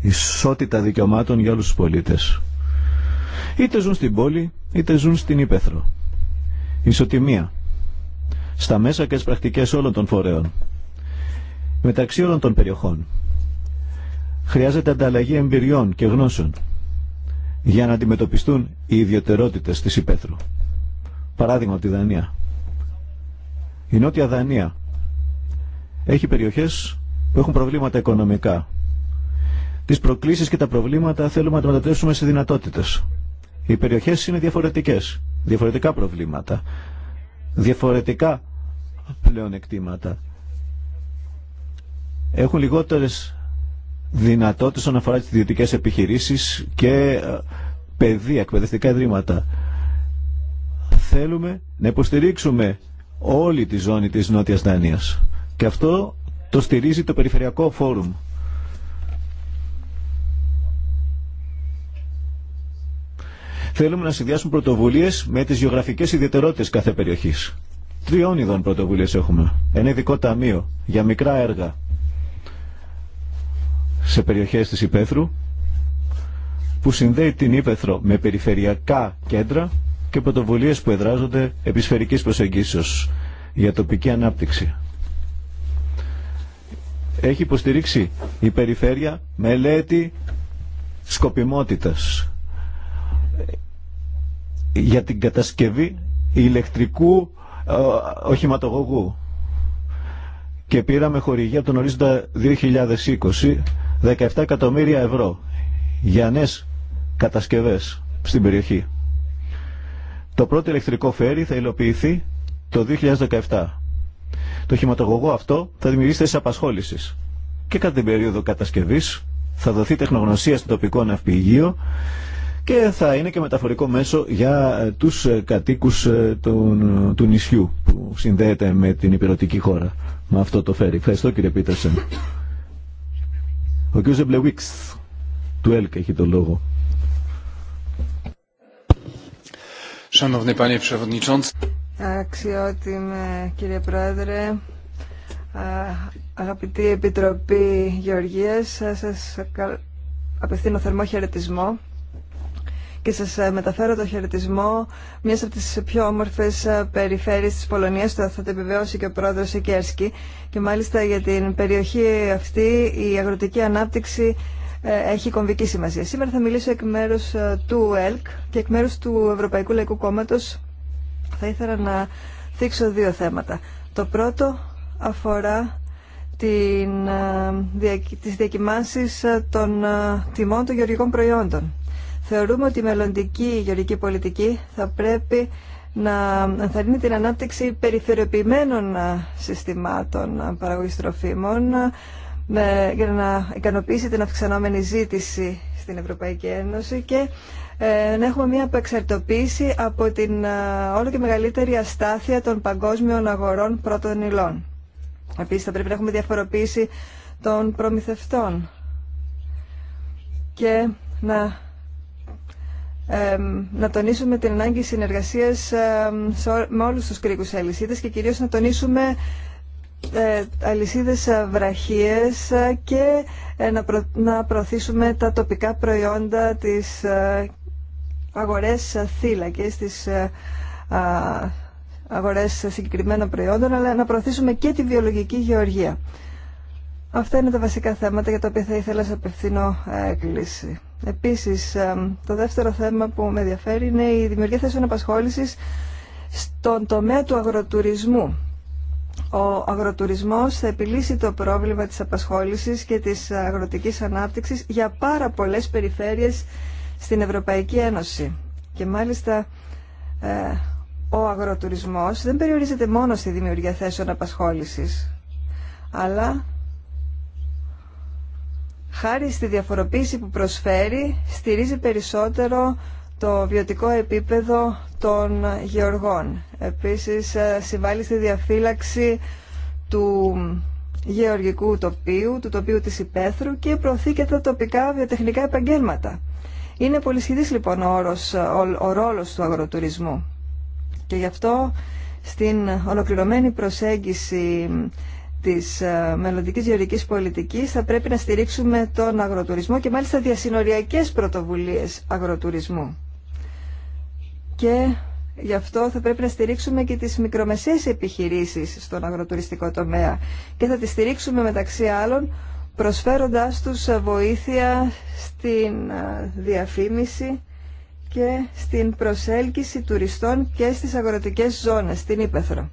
Ισότητα δικαιωμάτων για όλους τους πολίτες. Είτε ζουν στην πόλη, είτε ζουν στην Ήπεθρο. Ισοτιμία. Στα μέσα και στις πρακτικές όλων των φορέων. Μεταξύ όλων των περιοχών. Χρειάζεται ανταλλαγή εμπειριών και γνώσεων για να αντιμετωπιστούν οι ιδιωτερότητες της Υπέθρου. Παράδειγμα από τη Δανία. Η Νότια Δανία έχει περιοχές που έχουν προβλήματα οικονομικά. Τι προκλήσει και τα προβλήματα θέλουμε να τα μετατρέψουμε σε δυνατότητε. Οι περιοχές είναι διαφορετικές, διαφορετικά προβλήματα, διαφορετικά πλεονεκτήματα. Έχουν λιγότερες δυνατότητες όσον αφορά τι ιδιωτικές επιχειρήσεις και ε, παιδεία, εκπαιδευτικά ιδρύματα. Θέλουμε να υποστηρίξουμε όλη τη ζώνη της Νότιας Δανίας. Και αυτό το στηρίζει το Περιφερειακό Φόρουμ. Θέλουμε να συνδυάσουμε πρωτοβουλίε με τι γεωγραφικέ ιδιαιτερότητε κάθε περιοχή. Τριών ειδών πρωτοβουλίε έχουμε. Ένα ειδικό ταμείο για μικρά έργα σε περιοχές της Υπέθρου που συνδέει την Ήπεθρο με περιφερειακά κέντρα και πρωτοβουλίε που εδράζονται επισφαιρικής για τοπική ανάπτυξη έχει υποστηρίξει η περιφέρεια μελέτη σκοπιμότητας για την κατασκευή ηλεκτρικού ε, οχηματογωγού και πήραμε χορηγία από τον ορίζοντα 2020 17 εκατομμύρια ευρώ για νέες κατασκευές στην περιοχή. Το πρώτο ηλεκτρικό φέρι θα υλοποιηθεί το 2017. Το χηματογωγό αυτό θα δημιουργήσει θέσει απασχόληση. Και κατά την περίοδο κατασκευή θα δοθεί τεχνογνωσία στο τοπικό ναυπηγείο και θα είναι και μεταφορικό μέσο για ε, του ε, κατοίκου ε, του, νησιού που συνδέεται με την υπηρετική χώρα με αυτό το φέρει. Ευχαριστώ κύριε Πίτερσεν. Ο κ. Ζεμπλεουίξ του ΕΛΚ έχει το λόγο. Αξιότιμε κύριε Πρόεδρε, αγαπητή Επιτροπή Γεωργίας, σας απευθύνω θερμό χαιρετισμό και σας ε, μεταφέρω το χαιρετισμό μιας από τις πιο όμορφες ε, περιφέρειες της Πολωνίας, το θα το επιβεβαιώσει και ο πρόεδρος Σικέρσκι και μάλιστα για την περιοχή αυτή η αγροτική ανάπτυξη ε, έχει κομβική σημασία. Σήμερα θα μιλήσω εκ μέρους του ΕΛΚ και εκ μέρους του Ευρωπαϊκού Λαϊκού Κόμματος θα ήθελα να θίξω δύο θέματα. Το πρώτο αφορά την, ε, τις διακοιμάνσεις ε, των ε, τιμών των γεωργικών προϊόντων. Θεωρούμε ότι η μελλοντική γεωργική πολιτική θα πρέπει να ενθαρρύνει την ανάπτυξη περιφερειοποιημένων συστημάτων παραγωγής τροφίμων για να ικανοποιήσει την αυξανόμενη ζήτηση στην Ευρωπαϊκή Ένωση και ε, να έχουμε μια απεξαρτοποίηση από την ε, όλο και μεγαλύτερη αστάθεια των παγκόσμιων αγορών πρώτων υλών. Επίσης θα πρέπει να έχουμε διαφοροποίηση των προμηθευτών και να, να τονίσουμε την ανάγκη συνεργασίας με όλους τους κρίκους αλυσίδες και κυρίως να τονίσουμε ε, αλυσίδες βραχίες και ε, να, να προωθήσουμε τα τοπικά προϊόντα της αγορές θύλακες, τις ε, αγορές συγκεκριμένων προϊόντων, αλλά να προωθήσουμε και τη βιολογική γεωργία. Αυτά είναι τα βασικά θέματα για τα οποία θα ήθελα σε απευθύνω έκκληση. Ε, Επίσης, ε, το δεύτερο θέμα που με ενδιαφέρει είναι η δημιουργία θέσεων απασχόλησης στον τομέα του αγροτουρισμού. Ο αγροτουρισμός θα επιλύσει το πρόβλημα της απασχόλησης και της αγροτικής ανάπτυξης για πάρα πολλές περιφέρειες στην Ευρωπαϊκή Ένωση. Και μάλιστα ε, ο αγροτουρισμός δεν περιορίζεται μόνο στη δημιουργία θέσεων απασχόλησης, αλλά χάρη στη διαφοροποίηση που προσφέρει στηρίζει περισσότερο το βιωτικό επίπεδο των γεωργών. Επίσης ε, συμβάλλει στη διαφύλαξη του γεωργικού τοπίου, του τοπίου της υπαίθρου και προωθεί και τα τοπικά βιοτεχνικά επαγγέλματα. Είναι πολυσχηδής λοιπόν ο, όρος, ρόλος του αγροτουρισμού και γι' αυτό στην ολοκληρωμένη προσέγγιση της ε, μελλοντικής γεωρικής πολιτικής θα πρέπει να στηρίξουμε τον αγροτουρισμό και μάλιστα διασυνοριακές πρωτοβουλίες αγροτουρισμού. Και γι' αυτό θα πρέπει να στηρίξουμε και τις μικρομεσαίες επιχειρήσεις στον αγροτουριστικό τομέα και θα τις στηρίξουμε μεταξύ άλλων προσφέροντάς τους ε, βοήθεια στην ε, διαφήμιση και στην προσέλκυση τουριστών και στις αγροτικές ζώνες, στην Ήπεθρο.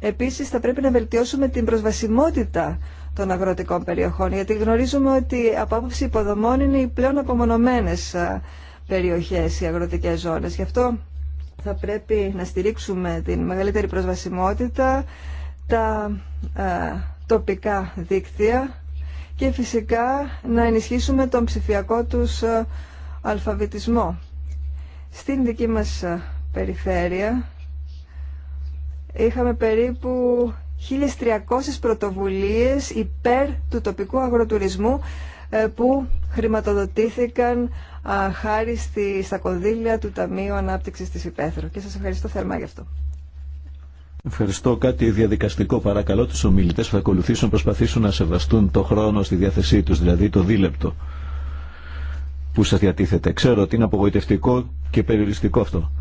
Επίσης θα πρέπει να βελτιώσουμε την προσβασιμότητα των αγροτικών περιοχών, γιατί γνωρίζουμε ότι από άποψη υποδομών είναι οι πλέον απομονωμένες ε, περιοχές, οι αγροτικές ζώνες. Γι' αυτό θα πρέπει να στηρίξουμε την μεγαλύτερη προσβασιμότητα, τα τοπικά δίκτυα, και φυσικά να ενισχύσουμε τον ψηφιακό τους ε, αλφαβητισμό. Στην δική μας ε, περιφέρεια είχαμε περίπου 1.300 πρωτοβουλίες υπέρ του τοπικού αγροτουρισμού ε, που χρηματοδοτήθηκαν χάρη στα κονδύλια του Ταμείου Ανάπτυξης της Υπέθρου. Και σας ευχαριστώ θερμά γι' αυτό. Ευχαριστώ. Κάτι διαδικαστικό παρακαλώ τους ομιλητές που θα ακολουθήσουν να προσπαθήσουν να σεβαστούν το χρόνο στη διάθεσή τους, δηλαδή το δίλεπτο που σας διατίθεται. Ξέρω ότι είναι απογοητευτικό και περιοριστικό αυτό.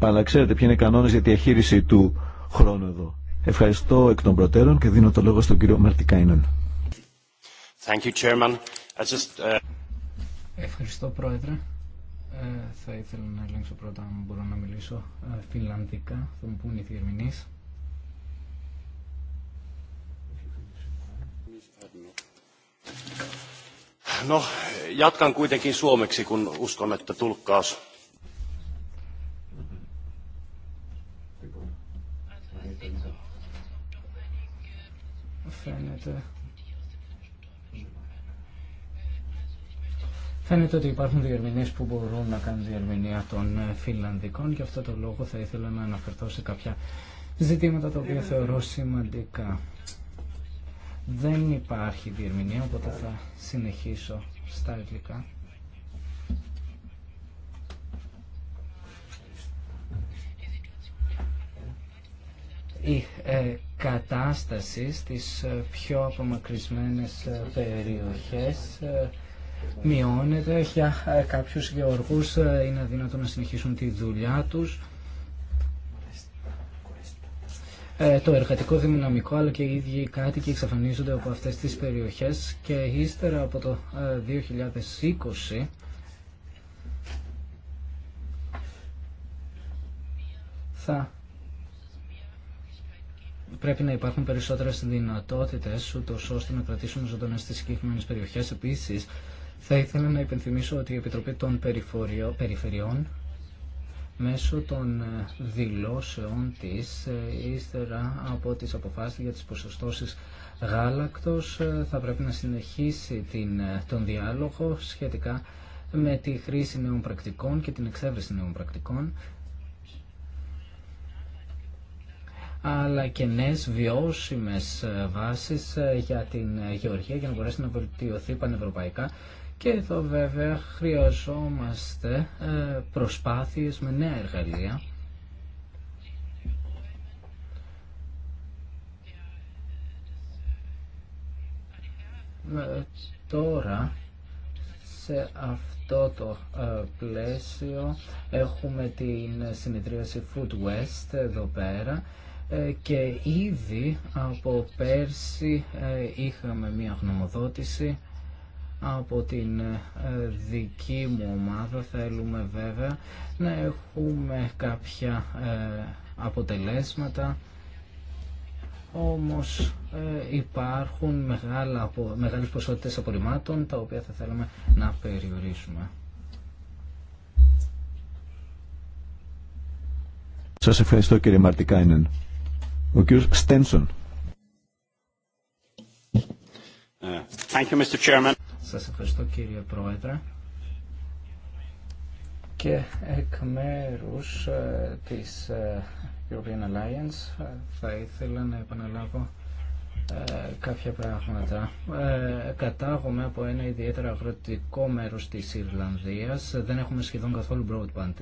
Αλλά ξέρετε ποιοι είναι οι κανόνες για τη διαχείριση του χρόνου εδώ. Ευχαριστώ εκ των προτέρων και δίνω το λόγο στον κύριο Μαρτικάινεν. Uh, Ευχαριστώ Πρόεδρε. Ε, θα ήθελα να ελέγξω πρώτα αν μπορώ να μιλήσω ε, φιλανδικά, θα μου πούνε οι διερμηνείς. No, jatkan kuitenkin suomeksi, kun uskon, että tulkkaus φαίνεται Φαίνεται ότι υπάρχουν διερμηνείς που μπορούν να κάνουν διερμηνία των ε, φιλανδικών. Γι' αυτό το λόγο θα ήθελα να αναφερθώ σε κάποια ζητήματα τα οποία θεωρώ σημαντικά. Δεν υπάρχει διερμηνία, οπότε θα συνεχίσω στα αγγλικά. η ε, κατάσταση στις ε, πιο απομακρυσμένες περιοχές μειώνεται. Για ε, κάποιους γεωργούς ε, είναι αδύνατο να συνεχίσουν τη δουλειά τους. Ε, το εργατικό δυναμικό αλλά και οι ίδιοι κάτοικοι εξαφανίζονται από αυτές τις περιοχές και ύστερα από το 2020 θα πρέπει να υπάρχουν περισσότερες δυνατότητες ούτως ώστε να κρατήσουν ζωντανές τις συγκεκριμένες περιοχές. Επίσης, θα ήθελα να υπενθυμίσω ότι η Επιτροπή των Περιφερειών μέσω των ε, δηλώσεων της ε, ύστερα από τις αποφάσεις για τις ποσοστώσεις γάλακτος ε, θα πρέπει να συνεχίσει την, τον διάλογο σχετικά με τη χρήση νέων πρακτικών και την εξέβρεση νέων πρακτικών αλλά και νέες βιώσιμες βάσεις για την γεωργία για να μπορέσει να βελτιωθεί πανευρωπαϊκά και εδώ βέβαια χρειαζόμαστε ε, προσπάθειες με νέα εργαλεία. Ε, τώρα σε αυτό το ε, πλαίσιο έχουμε την συνεδρίαση Food West εδώ πέρα και ήδη από πέρσι είχαμε μία γνωμοδότηση από την ε, δική μου ομάδα θέλουμε βέβαια να έχουμε κάποια ε, αποτελέσματα όμως ε, υπάρχουν μεγάλα, μεγάλες ποσότητες απορριμμάτων τα οποία θα θέλαμε να περιορίσουμε. Σας ευχαριστώ κύριε Μαρτικάινεν. Ο κύριος Στένσον. Thank you, Mr. Chairman. Σας ευχαριστώ κύριε Πρόεδρε. Και εκ μέρους ε, της ε, European Alliance ε, θα ήθελα να επαναλάβω ε, κάποια πράγματα. Ε, κατάγομαι από ένα ιδιαίτερα αγροτικό μέρος της Ιρλανδίας. Δεν έχουμε σχεδόν καθόλου broadband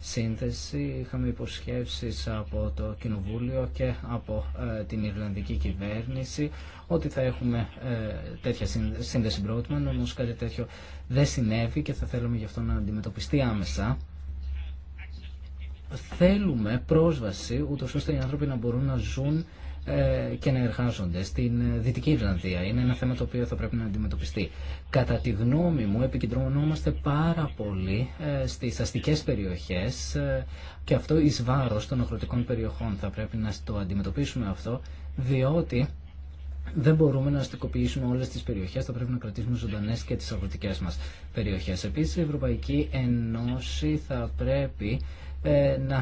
σύνθεση. Είχαμε υποσχέσεις από το Κοινοβούλιο και από ε, την Ιρλανδική κυβέρνηση ότι θα έχουμε ε, τέτοια σύνδεση broadband, όμως κάτι τέτοιο δεν συνέβη και θα θέλουμε γι' αυτό να αντιμετωπιστεί άμεσα θέλουμε πρόσβαση ούτως ώστε οι άνθρωποι να μπορούν να ζουν ε, και να εργάζονται στην Δυτική Ιρλανδία. Είναι ένα θέμα το οποίο θα πρέπει να αντιμετωπιστεί. Κατά τη γνώμη μου επικεντρωνόμαστε πάρα πολύ ε, στις αστικές περιοχές ε, και αυτό εις βάρος των αγροτικών περιοχών. Θα πρέπει να το αντιμετωπίσουμε αυτό διότι δεν μπορούμε να αστικοποιήσουμε όλε τι περιοχέ, θα πρέπει να κρατήσουμε ζωντανέ και τι αγροτικέ μα περιοχέ. Επίση, η Ευρωπαϊκή Ένωση θα πρέπει ε, να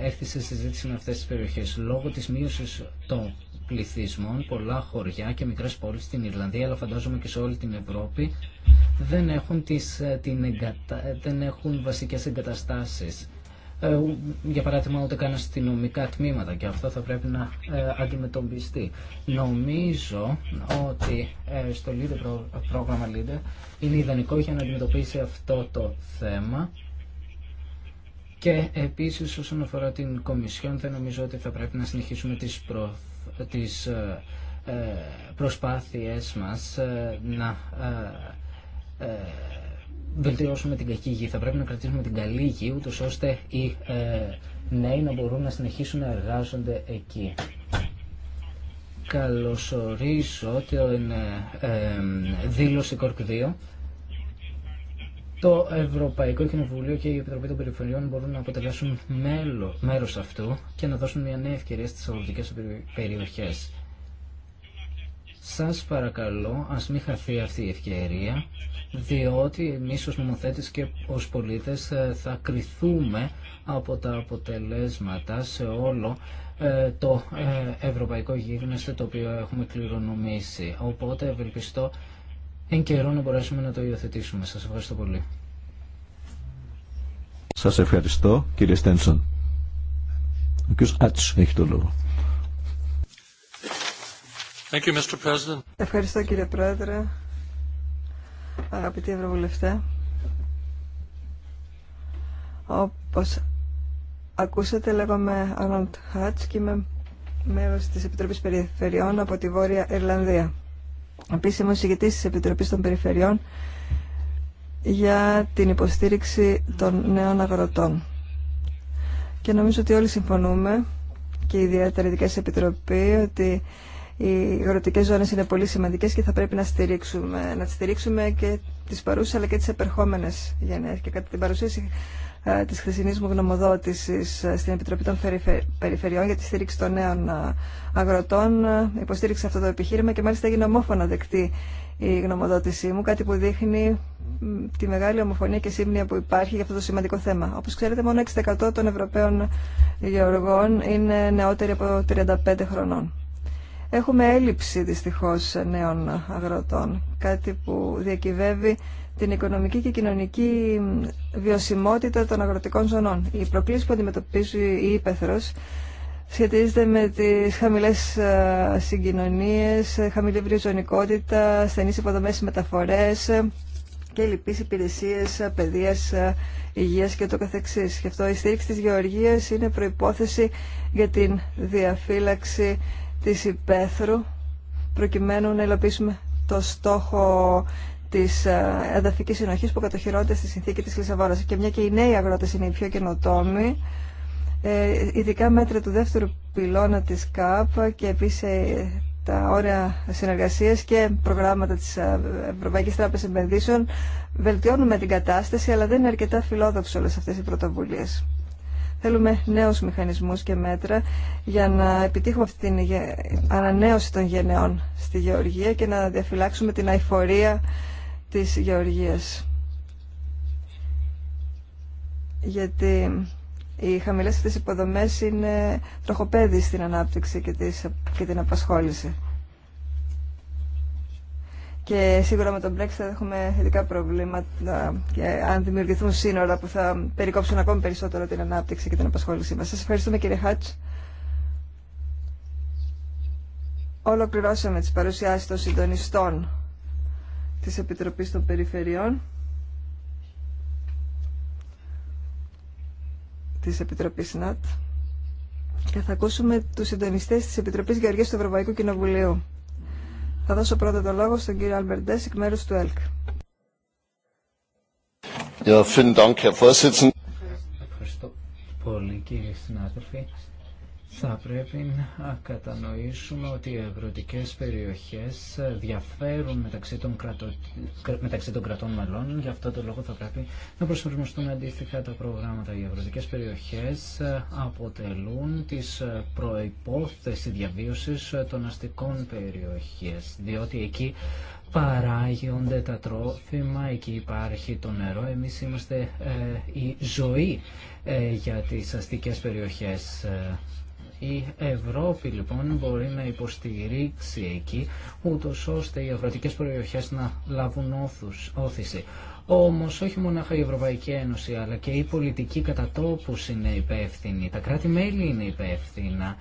ε, έρθει σε συζήτηση με αυτές τις περιοχές. Λόγω της μείωση των πληθυσμών, πολλά χωριά και μικρέ πόλεις στην Ιρλανδία, αλλά φαντάζομαι και σε όλη την Ευρώπη, δεν έχουν, τις, ε, την δεν έχουν βασικές εγκαταστάσεις. για παράδειγμα ούτε καν αστυνομικά τμήματα και αυτό θα πρέπει να αντιμετωπιστεί. Νομίζω ότι στο πρόγραμμα LEADER είναι ιδανικό για να αντιμετωπίσει αυτό το θέμα και επίσης όσον αφορά την Κομισιόν θα νομίζω ότι θα πρέπει να συνεχίσουμε τις, προ... Ε, ε, προσπάθειές μας ε, να βελτιώσουμε την κακή γη. Θα πρέπει να κρατήσουμε την καλή γη ούτω ώστε οι νέοι να μπορούν να συνεχίσουν να εργάζονται εκεί. Καλωσορίζω την δήλωση ΚΟΡΚ 2 το Ευρωπαϊκό Κοινοβούλιο και η Επιτροπή των Περιφερειών μπορούν να αποτελέσουν μέλο, μέρος αυτού και να δώσουν μια νέα ευκαιρία στις αγροτικές περιοχές. Σας παρακαλώ ας μην χαθεί αυτή η ευκαιρία, διότι εμείς ως νομοθέτες και ως πολίτες ε, θα κριθούμε από τα αποτελέσματα σε όλο ε, το ε, ευρωπαϊκό γίγνεσθε το οποίο έχουμε κληρονομήσει. Οπότε ευελπιστώ εν καιρό να μπορέσουμε να το υιοθετήσουμε. Σας ευχαριστώ πολύ. Σας ευχαριστώ κύριε Στένσον. Ο κύριος Άτς έχει το λόγο. you, Mr. Ευχαριστώ κύριε Πρόεδρε, αγαπητοί Ευρωβουλευτέ. Όπως ακούσατε λέγομαι Arnold Hatch και είμαι μέρος της Επιτροπής Περιφερειών από τη Βόρεια Ιρλανδία επίσημο ηγητή της Επιτροπής των Περιφερειών για την υποστήριξη των νέων αγροτών. Και νομίζω ότι όλοι συμφωνούμε και ιδιαίτερα η Επιτροπή ότι οι αγροτικές ζώνες είναι πολύ σημαντικές και θα πρέπει να, στηρίξουμε, να τις στηρίξουμε και τις παρούσες αλλά και τις επερχόμενες γενναίες. Και κατά την παρουσίαση ε, τη χθεσινή μου γνωμοδότηση ε, στην Επιτροπή των Περιφερειών για τη στήριξη των νέων ε, αγροτών. Υποστήριξε αυτό το επιχείρημα και μάλιστα έγινε ομόφωνα δεκτή η γνωμοδότησή μου, κάτι που δείχνει τη μεγάλη ομοφωνία και σύμνοια που υπάρχει για αυτό το σημαντικό θέμα. Όπως ξέρετε, μόνο 6% των Ευρωπαίων γεωργών είναι νεότεροι από 35 χρονών. Έχουμε έλλειψη δυστυχώς νέων αγροτών, κάτι που διακυβεύει την οικονομική και κοινωνική βιωσιμότητα των αγροτικών ζωνών. Η προκλήση που αντιμετωπίζει η Ήπεθρος σχετίζεται με τις χαμηλές ε, συγκοινωνίες, χαμηλή βριζονικότητα, στενείς υποδομές μεταφορές και λοιπείς υπηρεσίες παιδείας, υγείας και το καθεξής. Γι' αυτό η στήριξη της γεωργίας είναι προϋπόθεση για την διαφύλαξη της Υπέθρου προκειμένου να υλοποιήσουμε το στόχο Τη ε, εδαφική συνοχή που κατοχυρώνεται στη συνθήκη τη Λισαβόνα. Και μια και οι νέοι αγρότε είναι οι πιο καινοτόμοι, ε, ειδικά μέτρα του δεύτερου πυλώνα τη ΚΑΠ και επίση ε, τα όρια συνεργασία και προγράμματα τη Ευρωπαϊκή Τράπεζα Επενδύσεων βελτιώνουμε την κατάσταση, αλλά δεν είναι αρκετά φιλόδοξο όλε αυτέ οι πρωτοβουλίε. Θέλουμε νέους μηχανισμούς και μέτρα για να επιτύχουμε αυτή την ανανέωση των γενεών στη γεωργία και να διαφυλάξουμε την αηφορία της γεωργίας. Γιατί οι χαμηλές αυτές υποδομές είναι τροχοπέδι στην ανάπτυξη και την απασχόληση. Και σίγουρα με τον Brexit θα έχουμε ειδικά προβλήματα και αν δημιουργηθούν σύνορα που θα περικόψουν ακόμη περισσότερο την ανάπτυξη και την απασχόλησή μας. Σας ευχαριστούμε κύριε Χάτς. Ολοκληρώσαμε τις παρουσιάσεις των συντονιστών της Επιτροπής των Περιφερειών της Επιτροπής ΝΑΤ και θα ακούσουμε τους συντονιστές της Επιτροπής Γεωργίας του Ευρωπαϊκού Κοινοβουλίου. Θα δώσω πρώτα το λόγο στον κύριο Αλμπερντές εκ μέρους του ΕΛΚ. Ευχαριστώ πολύ κύριε συνάδελφοι. Θα πρέπει να κατανοήσουμε ότι οι αγροτικές περιοχές διαφέρουν μεταξύ των, κρατο... μεταξύ των κρατών μελών. Γι' αυτό το λόγο θα πρέπει να προσαρμοστούν αντίστοιχα τα προγράμματα. Οι αγροτικές περιοχές αποτελούν τις προϋπόθεση διαβίωσης των αστικών περιοχές, διότι εκεί παράγονται τα τρόφιμα, εκεί υπάρχει το νερό. Εμείς είμαστε ε, η ζωή ε, για τις αστικές περιοχές. Η Ευρώπη λοιπόν μπορεί να υποστηρίξει εκεί ούτως ώστε οι αγροτικές περιοχές να λάβουν όθηση. Όμως όχι μονάχα η Ευρωπαϊκή Ένωση αλλά και πολιτική κατά τόπους είναι υπεύθυνη. τα κράτη-μέλη είναι υπεύθυνα.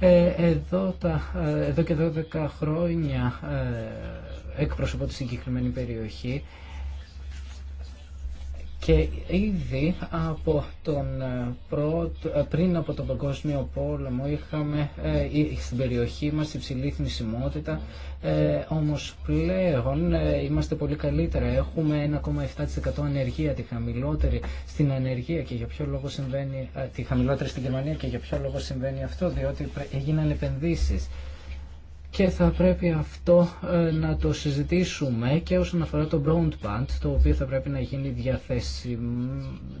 Ε, εδώ, τα, ε, εδώ και 12 χρόνια ε, εκπροσωπώ τη συγκεκριμένη περιοχή και ήδη από τον ε, πρώτο, ε, πριν από τον Παγκόσμιο Πόλεμο είχαμε ε, στην περιοχή μας υψηλή θνησιμότητα, ε, όμως πλέον είμαστε πολύ καλύτερα. Έχουμε 1,7% ανεργία, τη χαμηλότερη στην ανεργία και για ποιο λόγο συμβαίνει, τη χαμηλότερη στην Γερμανία και για ποιο λόγο συμβαίνει αυτό, διότι έγιναν επενδύσεις και θα πρέπει αυτό ε, να το συζητήσουμε και όσον αφορά το Brown broadband, το οποίο θα πρέπει να γίνει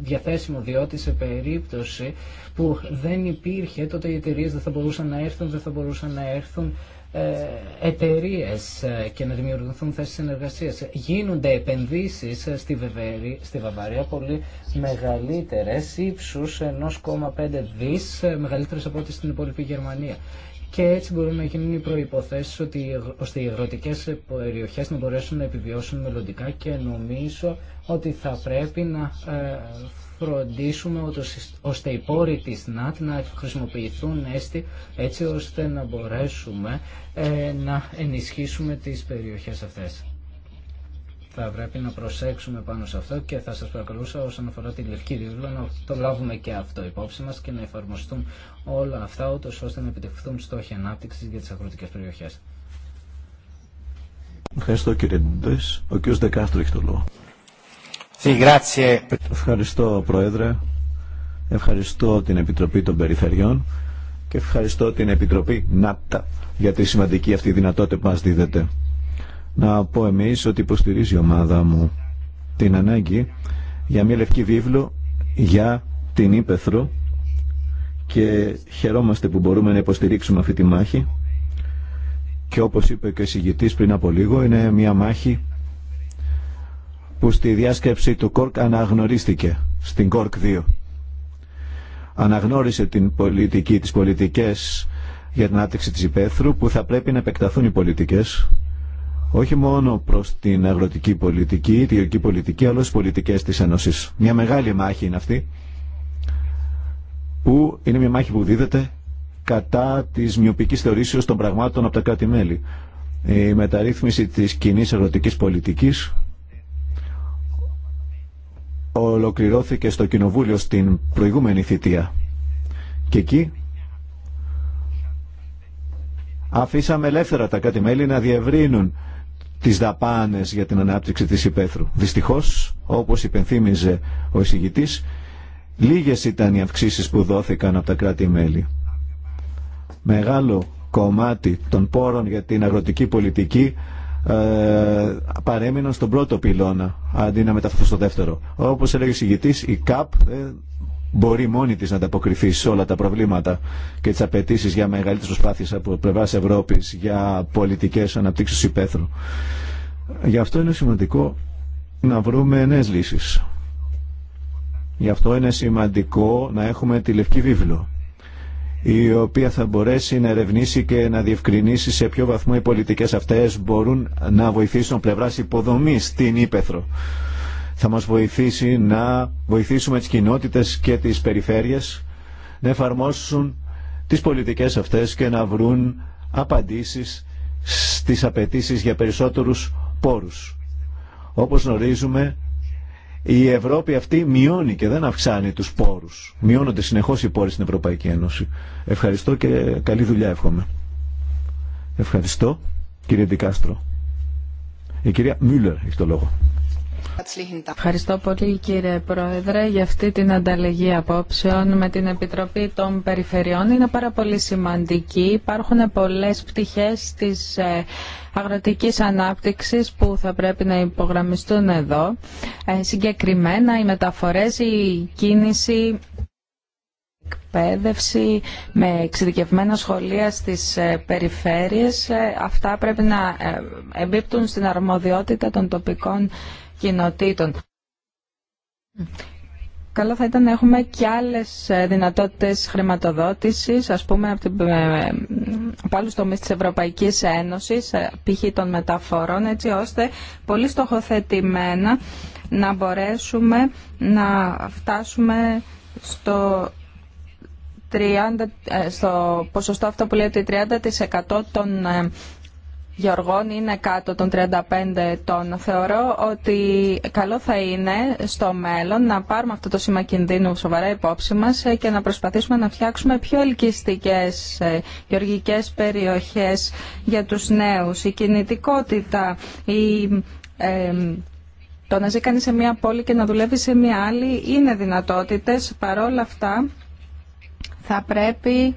διαθέσιμο, διότι σε περίπτωση που δεν υπήρχε, τότε οι εταιρείε δεν θα μπορούσαν να έρθουν, δεν θα μπορούσαν να έρθουν ε, εταιρείε ε, και να δημιουργηθούν θέσει συνεργασία. Γίνονται επενδύσει στη, στη Βαβαρία πολύ μεγαλύτερε, ύψου 1,5 δι, μεγαλύτερε από ό,τι στην υπόλοιπη Γερμανία και έτσι μπορούν να γίνουν οι προποθέσει ώστε οι αγροτικέ περιοχές να μπορέσουν να επιβιώσουν μελλοντικά και νομίζω ότι θα πρέπει να ε, φροντίσουμε ώστε οι πόροι τη ΝΑΤ να χρησιμοποιηθούν έτσι ώστε να μπορέσουμε ε, να ενισχύσουμε τις περιοχές αυτές θα πρέπει να προσέξουμε πάνω σε αυτό και θα σας παρακαλούσα όσον αφορά τη λευκή Ρίβλα να το λάβουμε και αυτό υπόψη μας και να εφαρμοστούν όλα αυτά ούτως ώστε να επιτευχθούν στόχοι ανάπτυξης για τις αγροτικές περιοχές. Ευχαριστώ κύριε Ντες. Ο κύριος Δεκάστρο έχει το λόγο. Ευχαριστώ Πρόεδρε. Ευχαριστώ την Επιτροπή των Περιφερειών και ευχαριστώ την Επιτροπή ΝΑΤΑ για τη σημαντική αυτή δυνατότητα που μας δίδεται να πω εμείς ότι υποστηρίζει η ομάδα μου την ανάγκη για μια λευκή βίβλο για την Ήπεθρο και χαιρόμαστε που μπορούμε να υποστηρίξουμε αυτή τη μάχη και όπως είπε και ο συγητής πριν από λίγο είναι μια μάχη που στη διάσκεψη του ΚΟΡΚ αναγνωρίστηκε στην ΚΟΡΚ 2 αναγνώρισε την πολιτική, τις πολιτικές για την άπτυξη της υπαίθρου που θα πρέπει να επεκταθούν οι πολιτικές όχι μόνο προς την αγροτική πολιτική, τη γεωργική πολιτική, αλλά στις πολιτικές της Ένωσης. Μια μεγάλη μάχη είναι αυτή, που είναι μια μάχη που δίδεται κατά της μειοπικής θεωρήσεως των πραγμάτων από τα κάτι μελη Η μεταρρύθμιση της κοινή αγροτικής πολιτικής ολοκληρώθηκε στο Κοινοβούλιο στην προηγούμενη θητεία. Και εκεί αφήσαμε ελεύθερα τα κάτι μέλη να διευρύνουν τις δαπάνες για την ανάπτυξη της υπαίθρου. Δυστυχώς, όπως υπενθύμιζε ο εισηγητής, λίγες ήταν οι αυξήσεις που δόθηκαν από τα κράτη-μέλη. Μεγάλο κομμάτι των πόρων για την αγροτική πολιτική ε, παρέμειναν στον πρώτο πυλώνα αντί να μεταφερθούν στο δεύτερο. Όπως έλεγε ο εισηγητής, η ΚΑΠ ε, μπορεί μόνη της να ανταποκριθεί σε όλα τα προβλήματα και τις απαιτήσει για μεγαλύτερες προσπάθειες από πλευρά Ευρώπης για πολιτικές αναπτύξεις υπαίθρου. Γι' αυτό είναι σημαντικό να βρούμε νέες λύσεις. Γι' αυτό είναι σημαντικό να έχουμε τη Λευκή Βίβλο η οποία θα μπορέσει να ερευνήσει και να διευκρινίσει σε ποιο βαθμό οι πολιτικές αυτές μπορούν να βοηθήσουν πλευράς υποδομής στην Ήπεθρο θα μας βοηθήσει να βοηθήσουμε τις κοινότητες και τις περιφέρειες να εφαρμόσουν τις πολιτικές αυτές και να βρουν απαντήσεις στις απαιτήσεις για περισσότερους πόρους. Όπως γνωρίζουμε, η Ευρώπη αυτή μειώνει και δεν αυξάνει τους πόρους. Μειώνονται συνεχώς οι πόροι στην Ευρωπαϊκή Ένωση. Ευχαριστώ και καλή δουλειά εύχομαι. Ευχαριστώ, κύριε Δικάστρο. Η κυρία Μούλερ έχει το λόγο. Ευχαριστώ πολύ κύριε Πρόεδρε για αυτή την ανταλλαγή απόψεων με την Επιτροπή των Περιφερειών. Είναι πάρα πολύ σημαντική. Υπάρχουν πολλές πτυχές της ε, αγροτικής ανάπτυξης που θα πρέπει να υπογραμμιστούν εδώ. Ε, συγκεκριμένα οι μεταφορές, η κίνηση εκπαίδευση με εξειδικευμένα σχολεία στις ε, περιφέρειες. Αυτά πρέπει να εμπίπτουν στην αρμοδιότητα των τοπικών κοινοτήτων. Καλό θα ήταν να έχουμε και άλλες ε, δυνατότητες χρηματοδότησης, ας πούμε από, την, ε, από άλλους τομείς της Ευρωπαϊκής Ένωσης, ε, π.χ. των μεταφορών, έτσι ώστε πολύ στοχοθετημένα να μπορέσουμε να φτάσουμε στο 30, στο ποσοστό αυτό που λέει ότι 30% των γεωργών είναι κάτω των 35 ετών. Θεωρώ ότι καλό θα είναι στο μέλλον να πάρουμε αυτό το σήμα κινδύνου σοβαρά υπόψη μας και να προσπαθήσουμε να φτιάξουμε πιο ελκυστικές ε, γεωργικές περιοχές για τους νέους. Η κινητικότητα, η, το να ζει κανείς σε μία πόλη και να δουλεύει σε μία άλλη είναι δυνατότητες. Παρόλα αυτά θα πρέπει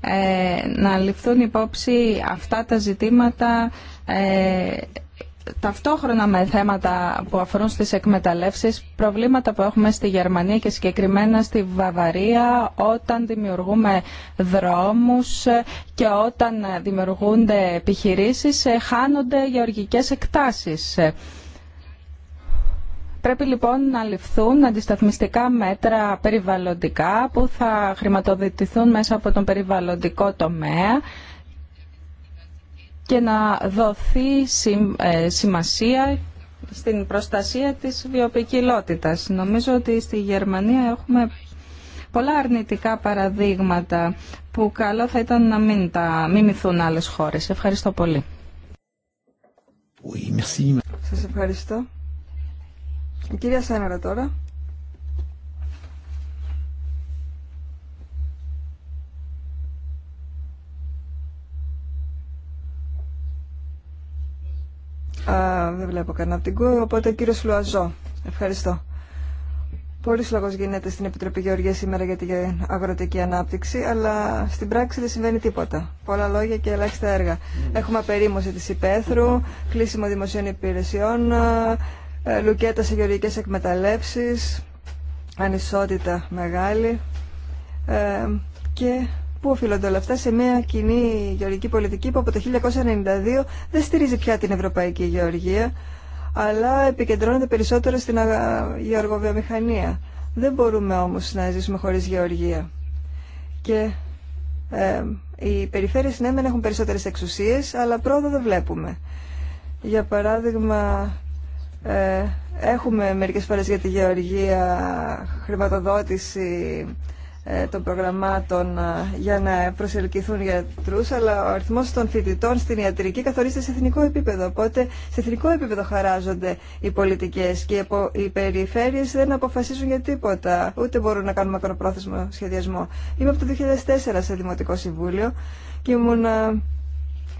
ε, να ληφθούν υπόψη αυτά τα ζητήματα ε, ταυτόχρονα με θέματα που αφορούν στις εκμεταλλεύσεις, προβλήματα που έχουμε στη Γερμανία και συγκεκριμένα στη Βαβαρία όταν δημιουργούμε δρόμους και όταν δημιουργούνται επιχειρήσεις ε, χάνονται γεωργικές εκτάσεις. Πρέπει λοιπόν να ληφθούν αντισταθμιστικά μέτρα περιβαλλοντικά που θα χρηματοδοτηθούν μέσα από τον περιβαλλοντικό τομέα και να δοθεί ε, σημασία στην προστασία της βιοποικιλότητας. Νομίζω ότι στη Γερμανία έχουμε πολλά αρνητικά παραδείγματα που καλό θα ήταν να μην τα μιμηθούν άλλες χώρες. Ευχαριστώ πολύ. Σας ευχαριστώ. Η κυρία Σένερα τώρα. δεν βλέπω κανένα από την οπότε ο κύριος Λουαζό. Ευχαριστώ. Πολύ λόγο γίνεται στην Επιτροπή Γεωργία σήμερα για την αγροτική ανάπτυξη, αλλά στην πράξη δεν συμβαίνει τίποτα. Πολλά λόγια και ελάχιστα έργα. Έχουμε απερίμωση τη υπαίθρου, κλείσιμο δημοσίων υπηρεσιών, ε, λουκέτα σε γεωργικές εκμεταλλεύσεις, ανισότητα μεγάλη ε, και πού οφείλονται όλα αυτά σε μια κοινή γεωργική πολιτική που από το 1992 δεν στηρίζει πια την ευρωπαϊκή γεωργία αλλά επικεντρώνεται περισσότερο στην γεωργοβιομηχανία. Δεν μπορούμε όμως να ζήσουμε χωρίς γεωργία. Και ε, οι περιφέρειες ναι, δεν έχουν περισσότερες εξουσίες, αλλά πρόοδο δεν βλέπουμε. Για παράδειγμα, ε, έχουμε μερικές φορές για τη γεωργία χρηματοδότηση ε, των προγραμμάτων ε, για να προσελκυθούν γιατρούς, αλλά ο αριθμός των φοιτητών στην ιατρική καθορίζεται σε εθνικό επίπεδο. Οπότε σε εθνικό επίπεδο χαράζονται οι πολιτικές και οι περιφέρειες δεν αποφασίζουν για τίποτα, ούτε μπορούν να κάνουν μακροπρόθεσμο σχεδιασμό. Είμαι από το 2004 σε Δημοτικό Συμβούλιο και ήμουν ε,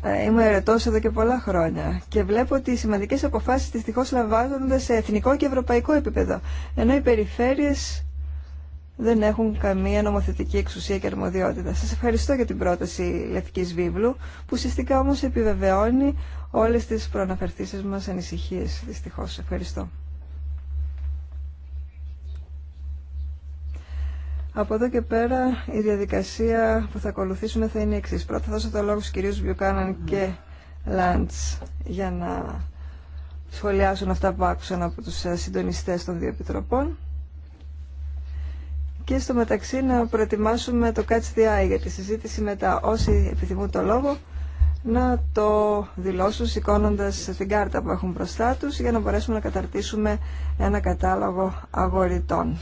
ε, είμαι ερωτό εδώ και πολλά χρόνια και βλέπω ότι οι σημαντικέ αποφάσει δυστυχώ λαμβάνονται σε εθνικό και ευρωπαϊκό επίπεδο, ενώ οι περιφέρειες δεν έχουν καμία νομοθετική εξουσία και αρμοδιότητα. Σα ευχαριστώ για την πρόταση Λευκής Βίβλου, που ουσιαστικά όμω επιβεβαιώνει όλες τις προαναφερθήσει μα ανησυχίε δυστυχώ. Ευχαριστώ. Από εδώ και πέρα η διαδικασία που θα ακολουθήσουμε θα είναι εξής. Πρώτα θα δώσω το λόγο στους κυρίους και Λάντς για να σχολιάσουν αυτά που άκουσαν από τους ε, συντονιστές των δύο επιτροπών. Και στο μεταξύ να προετοιμάσουμε το Catch the Eye για τη συζήτηση μετά. Όσοι επιθυμούν το λόγο να το δηλώσουν σηκώνοντα την κάρτα που έχουν μπροστά τους για να μπορέσουμε να καταρτήσουμε ένα κατάλογο αγορητών.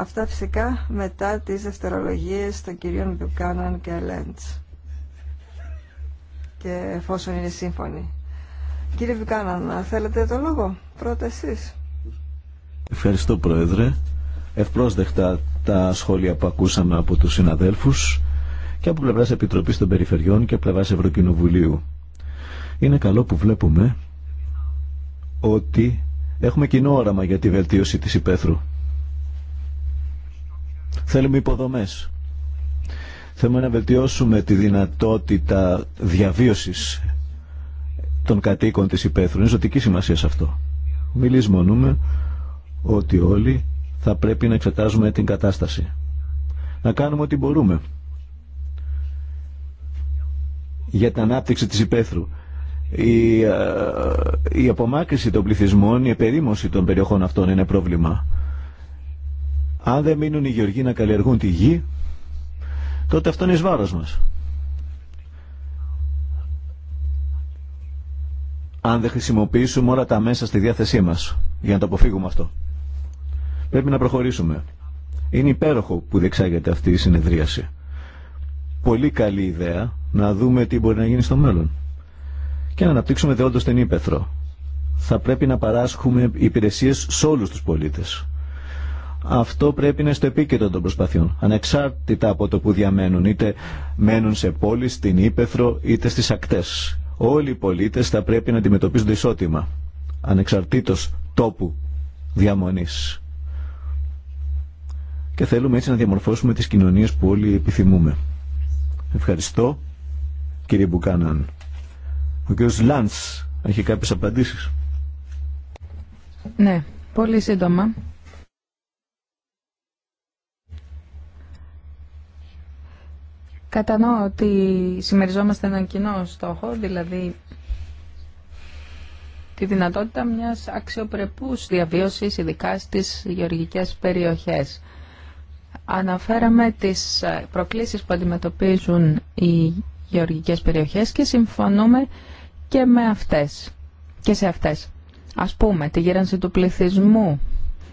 Αυτά φυσικά μετά τις δευτερολογίες των κυρίων Μπιουκάναν και Λέντς. Και εφόσον είναι σύμφωνοι. Κύριε Μπιουκάναν, θέλετε το λόγο πρώτα εσείς. Ευχαριστώ Πρόεδρε. Ευπρόσδεκτα τα σχόλια που ακούσαμε από τους συναδέλφους και από πλευρά Επιτροπής των Περιφερειών και πλευρά Ευρωκοινοβουλίου. Είναι καλό που βλέπουμε ότι έχουμε κοινό όραμα για τη βελτίωση της υπαίθρου. Θέλουμε υποδομές. Θέλουμε να βελτιώσουμε τη δυνατότητα διαβίωσης των κατοίκων της υπαίθρου. Είναι ζωτική σημασία σε αυτό. Μην ότι όλοι θα πρέπει να εξετάζουμε την κατάσταση. Να κάνουμε ό,τι μπορούμε για την ανάπτυξη της υπαίθρου. Η, ε, η απομάκρυση των πληθυσμών, η επερήμωση των περιοχών αυτών είναι πρόβλημα. Αν δεν μείνουν οι γεωργοί να καλλιεργούν τη γη, τότε αυτό είναι εις βάρος μας. Αν δεν χρησιμοποιήσουμε όλα τα μέσα στη διάθεσή μας για να το αποφύγουμε αυτό. Πρέπει να προχωρήσουμε. Είναι υπέροχο που διεξάγεται αυτή η συνεδρίαση. Πολύ καλή ιδέα να δούμε τι μπορεί να γίνει στο μέλλον. Και να αναπτύξουμε δεόντως την ύπεθρο. Θα πρέπει να παράσχουμε υπηρεσίες σε όλους τους πολίτες αυτό πρέπει να είναι στο επίκεντρο των προσπαθειών. Ανεξάρτητα από το που διαμένουν, είτε μένουν σε πόλεις, στην Ήπεθρο, είτε στις ακτές. Όλοι οι πολίτες θα πρέπει να αντιμετωπίζονται ισότιμα, ανεξαρτήτως τόπου διαμονής. Και θέλουμε έτσι να διαμορφώσουμε τις κοινωνίες που όλοι επιθυμούμε. Ευχαριστώ, κύριε Μπουκάναν. Ο κύριος Λάντς έχει κάποιες απαντήσεις. Ναι, πολύ σύντομα. Κατανοώ ότι συμμεριζόμαστε έναν κοινό στόχο, δηλαδή τη δυνατότητα μιας αξιοπρεπούς διαβίωσης, ειδικά στις γεωργικές περιοχές. Αναφέραμε τις προκλήσεις που αντιμετωπίζουν οι γεωργικές περιοχές και συμφωνούμε και με αυτές και σε αυτές. Ας πούμε, τη γέρανση του πληθυσμού,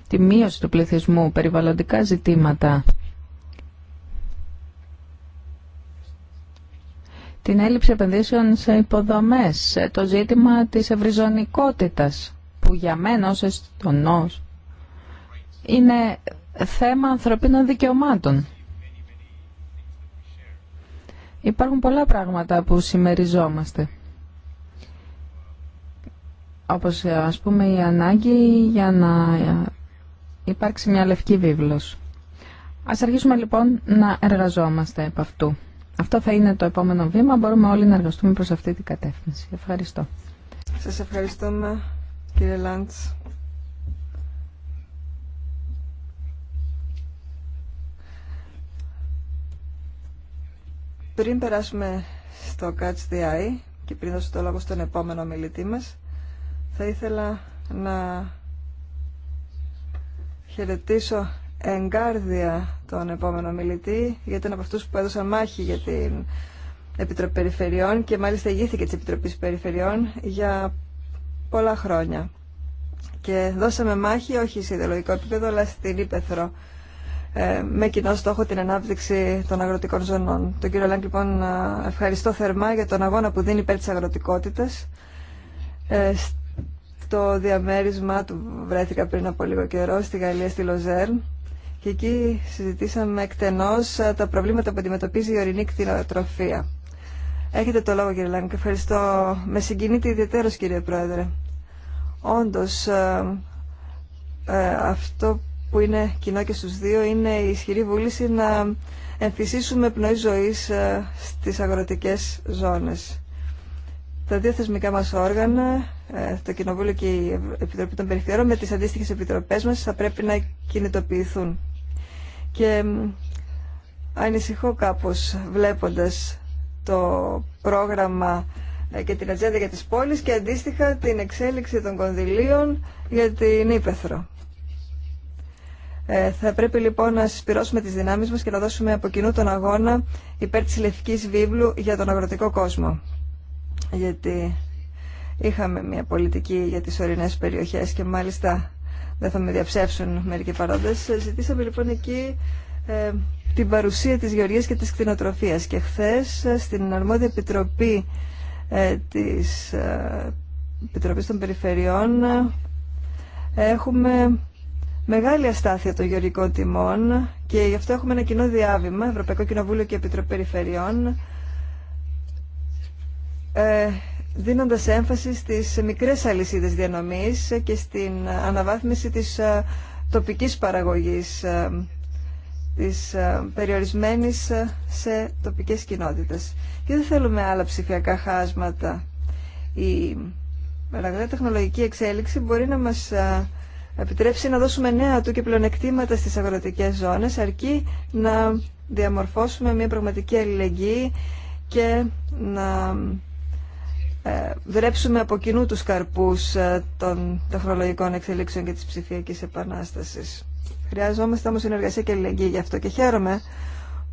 τη μείωση του πληθυσμού, περιβαλλοντικά ζητήματα, την έλλειψη επενδύσεων σε υποδομές, το ζήτημα της ευρυζωνικότητας, που για μένα ως εστονός είναι θέμα ανθρωπίνων δικαιωμάτων. Υπάρχουν πολλά πράγματα που συμμεριζόμαστε. Όπως ας πούμε η ανάγκη για να υπάρξει μια λευκή βίβλος. Ας αρχίσουμε λοιπόν να εργαζόμαστε επ' αυτού. Αυτό θα είναι το επόμενο βήμα. Μπορούμε όλοι να εργαστούμε προς αυτή την κατεύθυνση. Ευχαριστώ. Σας ευχαριστούμε κύριε Λάντς. Πριν περάσουμε στο Catch the Eye και πριν δώσω το λόγο στον επόμενο μιλητή μας, θα ήθελα να χαιρετήσω εγκάρδια τον επόμενο μιλητή, γιατί ήταν από αυτού που έδωσαν μάχη για την Επιτροπή Περιφερειών και μάλιστα ηγήθηκε τη Επιτροπή Περιφερειών για πολλά χρόνια. Και δώσαμε μάχη όχι σε ιδεολογικό επίπεδο, αλλά στην Ήπεθρο ε, με κοινό στόχο την ανάπτυξη των αγροτικών ζωνών. Τον κύριο Λάγκ, λοιπόν, ε, ευχαριστώ θερμά για τον αγώνα που δίνει υπέρ τη αγροτικότητα. Ε, στο διαμέρισμά του βρέθηκα πριν από λίγο καιρό στη Γαλλία, στη Λοζέρν και εκεί συζητήσαμε εκτενώς τα προβλήματα που αντιμετωπίζει η ορεινή κτηνοτροφία. Έχετε το λόγο κύριε και Ευχαριστώ. Με συγκινείται ιδιαίτερος κύριε Πρόεδρε. Όντως αυτό που είναι κοινό και στους δύο είναι η ισχυρή βούληση να εμφυσίσουμε πνοή ζωής στις αγροτικές ζώνες τα δύο θεσμικά μας όργανα, ε, το Κοινοβούλιο και η Επιτροπή των Περιφερειών, με τις αντίστοιχες επιτροπές μας θα πρέπει να κινητοποιηθούν. Και ανησυχώ κάπως βλέποντας το πρόγραμμα ε, και την ατζέντα για τις πόλεις και αντίστοιχα την εξέλιξη των κονδυλίων για την Ήπεθρο. Ε, θα πρέπει λοιπόν να συσπυρώσουμε τις δυνάμεις μας και να δώσουμε από κοινού τον αγώνα υπέρ της Λευκής Βίβλου για τον αγροτικό κόσμο γιατί είχαμε μια πολιτική για τις ορεινές περιοχές και μάλιστα δεν θα με διαψεύσουν μερικοί παρόντες. Ζητήσαμε λοιπόν εκεί ε, την παρουσία της γεωργίας και της κτηνοτροφίας και χθε ε, στην αρμόδια επιτροπή ε, της Επιτροπής των Περιφερειών έχουμε μεγάλη αστάθεια των γεωργικών τιμών και γι' αυτό έχουμε ένα κοινό διάβημα, Ευρωπαϊκό Κοινοβούλιο και Επιτροπή Περιφερειών ε, δίνοντας έμφαση στις μικρές αλυσίδες διανομής και στην αναβάθμιση της ε, τοπικής παραγωγής, ε, της περιορισμένης σε τοπικές κοινότητες. Και δεν θέλουμε άλλα ψηφιακά χάσματα. Η παραγωγή τεχνολογική εξέλιξη μπορεί να μας επιτρέψει να δώσουμε νέα του και πλεονεκτήματα στις αγροτικές ζώνες, αρκεί να διαμορφώσουμε μια πραγματική αλληλεγγύη και να ε, βρέψουμε από κοινού τους καρπούς ε, των τεχνολογικών εξελίξεων και της ψηφιακής επανάστασης. Χρειαζόμαστε όμως συνεργασία και αλληλεγγύη γι' αυτό και χαίρομαι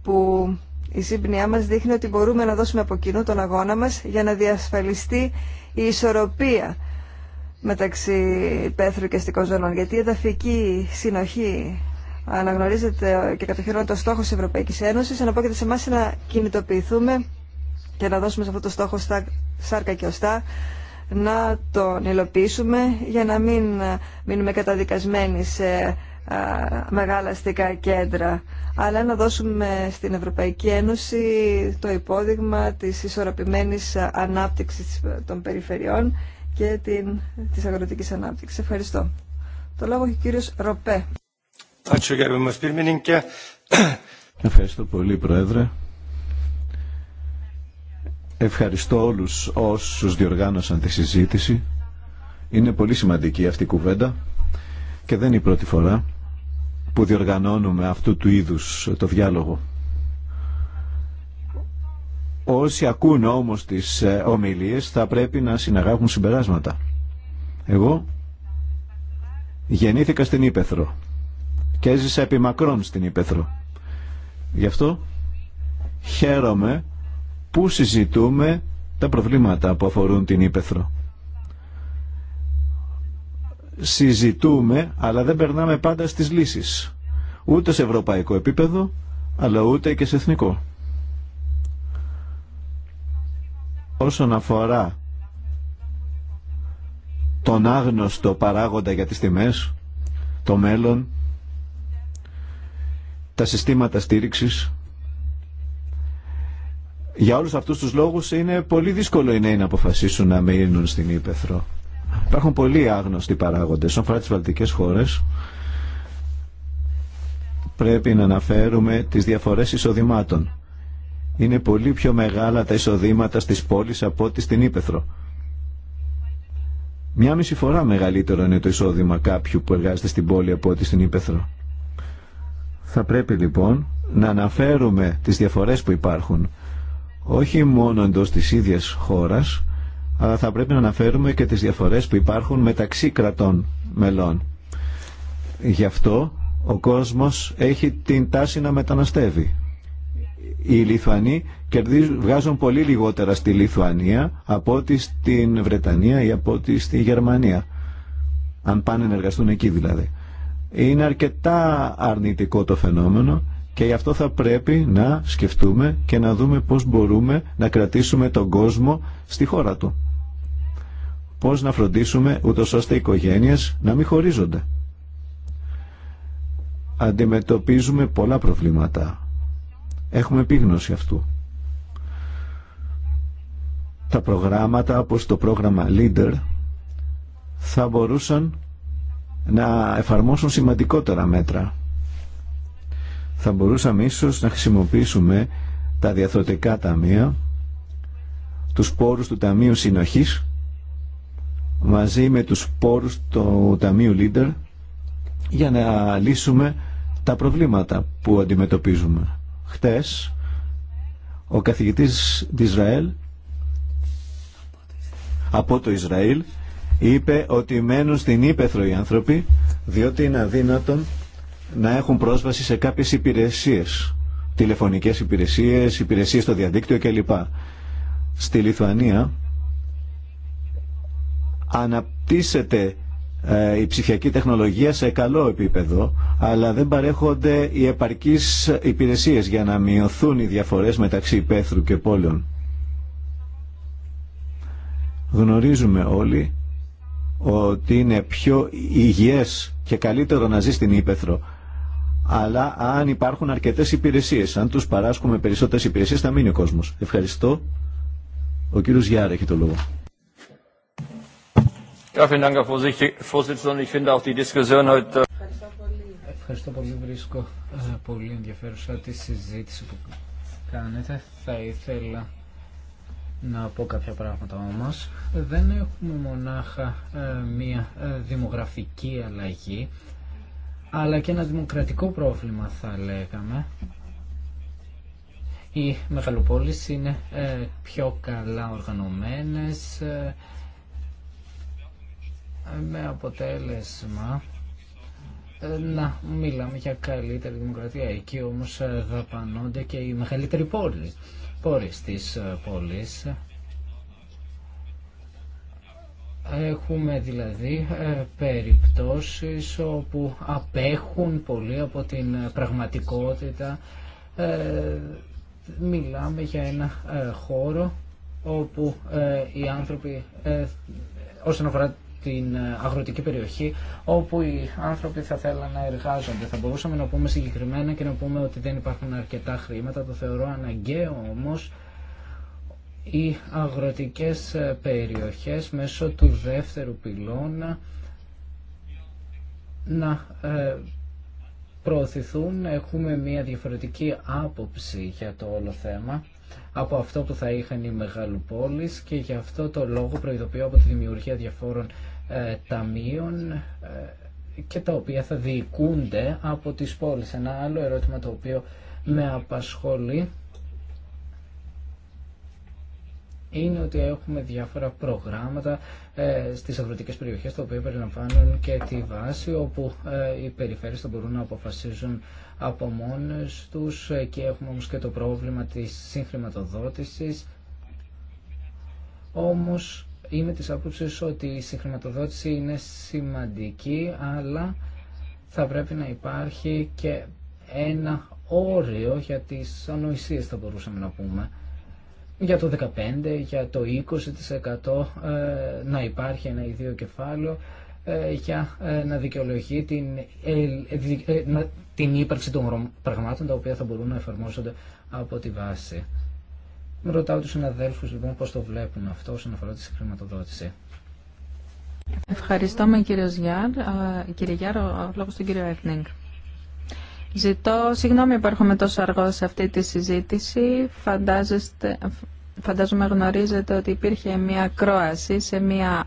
που η σύμπνοιά μας δείχνει ότι μπορούμε να δώσουμε από κοινού τον αγώνα μας για να διασφαλιστεί η ισορροπία μεταξύ πέθρου και αστικών ζωνών. Γιατί η εδαφική συνοχή αναγνωρίζεται και κατοχυρώνεται το στόχο της Ευρωπαϊκής Ένωσης, αναπόκειται σε εμάς να κινητοποιηθούμε και να δώσουμε σε αυτό το στόχο στα σάρκα και οστά να τον υλοποιήσουμε για να μην μείνουμε καταδικασμένοι σε μεγάλα αστικά κέντρα αλλά να δώσουμε στην Ευρωπαϊκή Ένωση το υπόδειγμα της ισορροπημένης ανάπτυξης των περιφερειών και την, της αγροτικής ανάπτυξης. Ευχαριστώ. Το λόγο έχει ο κύριος Ροπέ. Ευχαριστώ πολύ Πρόεδρε. Ευχαριστώ όλους όσους διοργάνωσαν τη συζήτηση. Είναι πολύ σημαντική αυτή η κουβέντα και δεν είναι η πρώτη φορά που διοργανώνουμε αυτού του είδους το διάλογο. Όσοι ακούν όμως τις ε, ομιλίες θα πρέπει να συναγάγουν συμπεράσματα. Εγώ γεννήθηκα στην Ήπεθρο και έζησα επί μακρόν στην Ήπεθρο. Γι' αυτό χαίρομαι που συζητούμε τα προβλήματα που αφορούν την Ήπεθρο. Συζητούμε, αλλά δεν περνάμε πάντα στις λύσεις. Ούτε σε ευρωπαϊκό επίπεδο, αλλά ούτε και σε εθνικό. Όσον αφορά τον άγνωστο παράγοντα για τις τιμές, το μέλλον, τα συστήματα στήριξης, για όλους αυτούς τους λόγους είναι πολύ δύσκολο οι νέοι να αποφασίσουν να μείνουν στην Ήπεθρο. Υπάρχουν πολλοί άγνωστοι παράγοντες. Στον φορά τις βαλτικές χώρες, πρέπει να αναφέρουμε τις διαφορές εισοδημάτων. Είναι πολύ πιο μεγάλα τα εισοδήματα στις πόλεις από ό,τι στην Ήπεθρο. Μια μισή φορά μεγαλύτερο είναι το εισόδημα κάποιου που εργάζεται στην πόλη από ό,τι στην Ήπεθρο. Θα πρέπει λοιπόν να αναφέρουμε τις διαφορές που υπάρχουν όχι μόνο εντός της ίδιας χώρας, αλλά θα πρέπει να αναφέρουμε και τις διαφορές που υπάρχουν μεταξύ κρατών μελών. Γι' αυτό ο κόσμος έχει την τάση να μεταναστεύει. Οι Λιθουανοί βγάζουν πολύ λιγότερα στη Λιθουανία από ό,τι στην Βρετανία ή από ό,τι στη Γερμανία. Αν πάνε να εργαστούν εκεί δηλαδή. Είναι αρκετά αρνητικό το φαινόμενο και γι' αυτό θα πρέπει να σκεφτούμε και να δούμε πώς μπορούμε να κρατήσουμε τον κόσμο στη χώρα του. Πώς να φροντίσουμε ούτως ώστε οι οικογένειες να μην χωρίζονται. Αντιμετωπίζουμε πολλά προβλήματα. Έχουμε επίγνωση αυτού. Τα προγράμματα όπως το πρόγραμμα Leader θα μπορούσαν να εφαρμόσουν σημαντικότερα μέτρα θα μπορούσαμε ίσως να χρησιμοποιήσουμε τα διαθροτικά ταμεία, τους πόρους του Ταμείου Συνοχής, μαζί με τους πόρους του Ταμείου Leader, για να λύσουμε τα προβλήματα που αντιμετωπίζουμε. Χτες, ο καθηγητής της Ισραήλ, από το Ισραήλ, είπε ότι μένουν στην ύπεθρο οι άνθρωποι, διότι είναι αδύνατον να έχουν πρόσβαση σε κάποιες υπηρεσίες, τηλεφωνικές υπηρεσίες, υπηρεσίες στο διαδίκτυο κλπ. Στη Λιθουανία αναπτύσσεται ε, η ψηφιακή τεχνολογία σε καλό επίπεδο, αλλά δεν παρέχονται οι επαρκείς υπηρεσίες για να μειωθούν οι διαφορές μεταξύ υπαίθρου και πόλεων. Γνωρίζουμε όλοι ότι είναι πιο υγιές και καλύτερο να ζει στην Ήπεθρο αλλά αν υπάρχουν αρκετές υπηρεσίες. Αν τους παράσχουμε περισσότερες υπηρεσίες θα μείνει ο κόσμος. Ευχαριστώ. Ο κύριος Γιάρα έχει το λόγο. Ευχαριστώ πολύ. Βρίσκω ε, πολύ ενδιαφέρουσα τη συζήτηση που κάνετε. Θα ήθελα να πω κάποια πράγματα όμως. Δεν έχουμε μονάχα ε, μία ε, δημογραφική αλλαγή αλλά και ένα δημοκρατικό πρόβλημα θα λέγαμε. Οι μεγαλοπόλεις είναι ε, πιο καλά οργανωμένες ε, με αποτέλεσμα ε, να μιλάμε για καλύτερη δημοκρατία. Εκεί όμως δαπανώνται και οι μεγαλύτεροι πόλεις, της στις πόλεις. Έχουμε δηλαδή ε, περιπτώσεις όπου απέχουν πολύ από την ε, πραγματικότητα. Ε, μιλάμε για ένα χώρο όπου οι άνθρωποι, όσον αφορά την αγροτική περιοχή όπου οι άνθρωποι θα θέλαν να εργάζονται. Θα μπορούσαμε να πούμε συγκεκριμένα και να πούμε ότι δεν υπάρχουν αρκετά χρήματα. Το θεωρώ αναγκαίο όμως οι αγροτικές περιοχές μέσω του δεύτερου πυλώνα να ε, προωθηθούν. Έχουμε μια διαφορετική άποψη για το όλο θέμα από αυτό που θα είχαν οι μεγαλοπόλεις και γι' αυτό το λόγο προειδοποιώ από τη δημιουργία διαφόρων ε, ταμείων ε, και τα οποία θα διοικούνται από τις πόλεις. Ένα άλλο ερώτημα το οποίο με απασχολεί είναι ότι έχουμε διάφορα προγράμματα ε, στις αγροτικές περιοχές τα οποία περιλαμβάνουν και τη βάση όπου ε, οι περιφέρειες θα μπορούν να αποφασίζουν από μόνες τους ε, και έχουμε όμως και το πρόβλημα της συγχρηματοδότησης όμως είμαι της άποψης ότι η συγχρηματοδότηση είναι σημαντική αλλά θα πρέπει να υπάρχει και ένα όριο για τις ανοησίες θα μπορούσαμε να πούμε για το 15, για το 20% ε, να υπάρχει ένα ίδιο κεφάλαιο ε, για ε, να δικαιολογεί την, την ύπαρξη των πραγμάτων τα οποία θα μπορούν να εφαρμόζονται από τη βάση. Ρωτάω τους συναδέλφους λοιπόν πώς το βλέπουν αυτό όσον αφορά τη χρηματοδότηση. Ευχαριστώ με κύριο Γιάρ. Κύριε Γιάρ, ο λόγος του κύριο Εφνίγκ. Ζητώ συγγνώμη που έρχομαι τόσο αργό σε αυτή τη συζήτηση. Φαντάζεστε, φαντάζομαι γνωρίζετε ότι υπήρχε μια κρόαση σε μια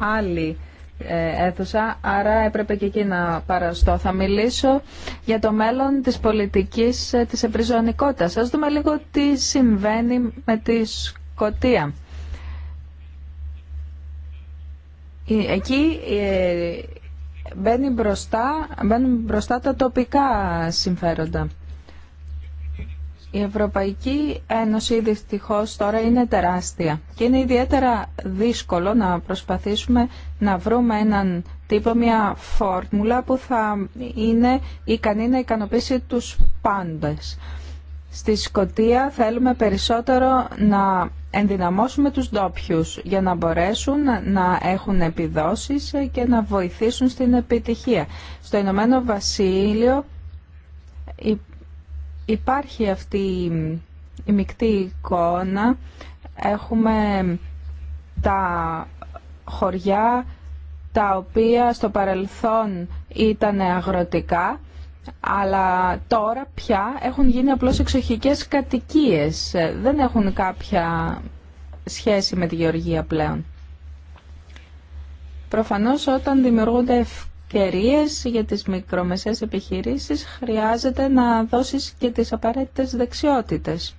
άλλη ε, αίθουσα, άρα έπρεπε και εκεί να παραστώ. Θα μιλήσω για το μέλλον της πολιτικής ε, της εμπριζωνικότητας. Ας δούμε λίγο τι συμβαίνει με τη Σκοτία. Εκεί ε, μπαίνει μπροστά, μπαίνουν μπροστά τα τοπικά συμφέροντα. Η Ευρωπαϊκή Ένωση δυστυχώ τώρα είναι τεράστια και είναι ιδιαίτερα δύσκολο να προσπαθήσουμε να βρούμε έναν τύπο, μια φόρμουλα που θα είναι ικανή να ικανοποιήσει τους πάντες. Στη Σκοτία θέλουμε περισσότερο να ενδυναμώσουμε τους ντόπιου για να μπορέσουν να έχουν επιδόσεις και να βοηθήσουν στην επιτυχία. Στο Ηνωμένο Βασίλειο υπάρχει αυτή η μεικτή εικόνα. Έχουμε τα χωριά τα οποία στο παρελθόν ήταν αγροτικά αλλά τώρα πια έχουν γίνει απλώς εξοχικές κατοικίες. Δεν έχουν κάποια σχέση με τη γεωργία πλέον. Προφανώς όταν δημιουργούνται ευκαιρίες για τις μικρομεσαίες επιχειρήσεις χρειάζεται να δώσεις και τις απαραίτητες δεξιότητες.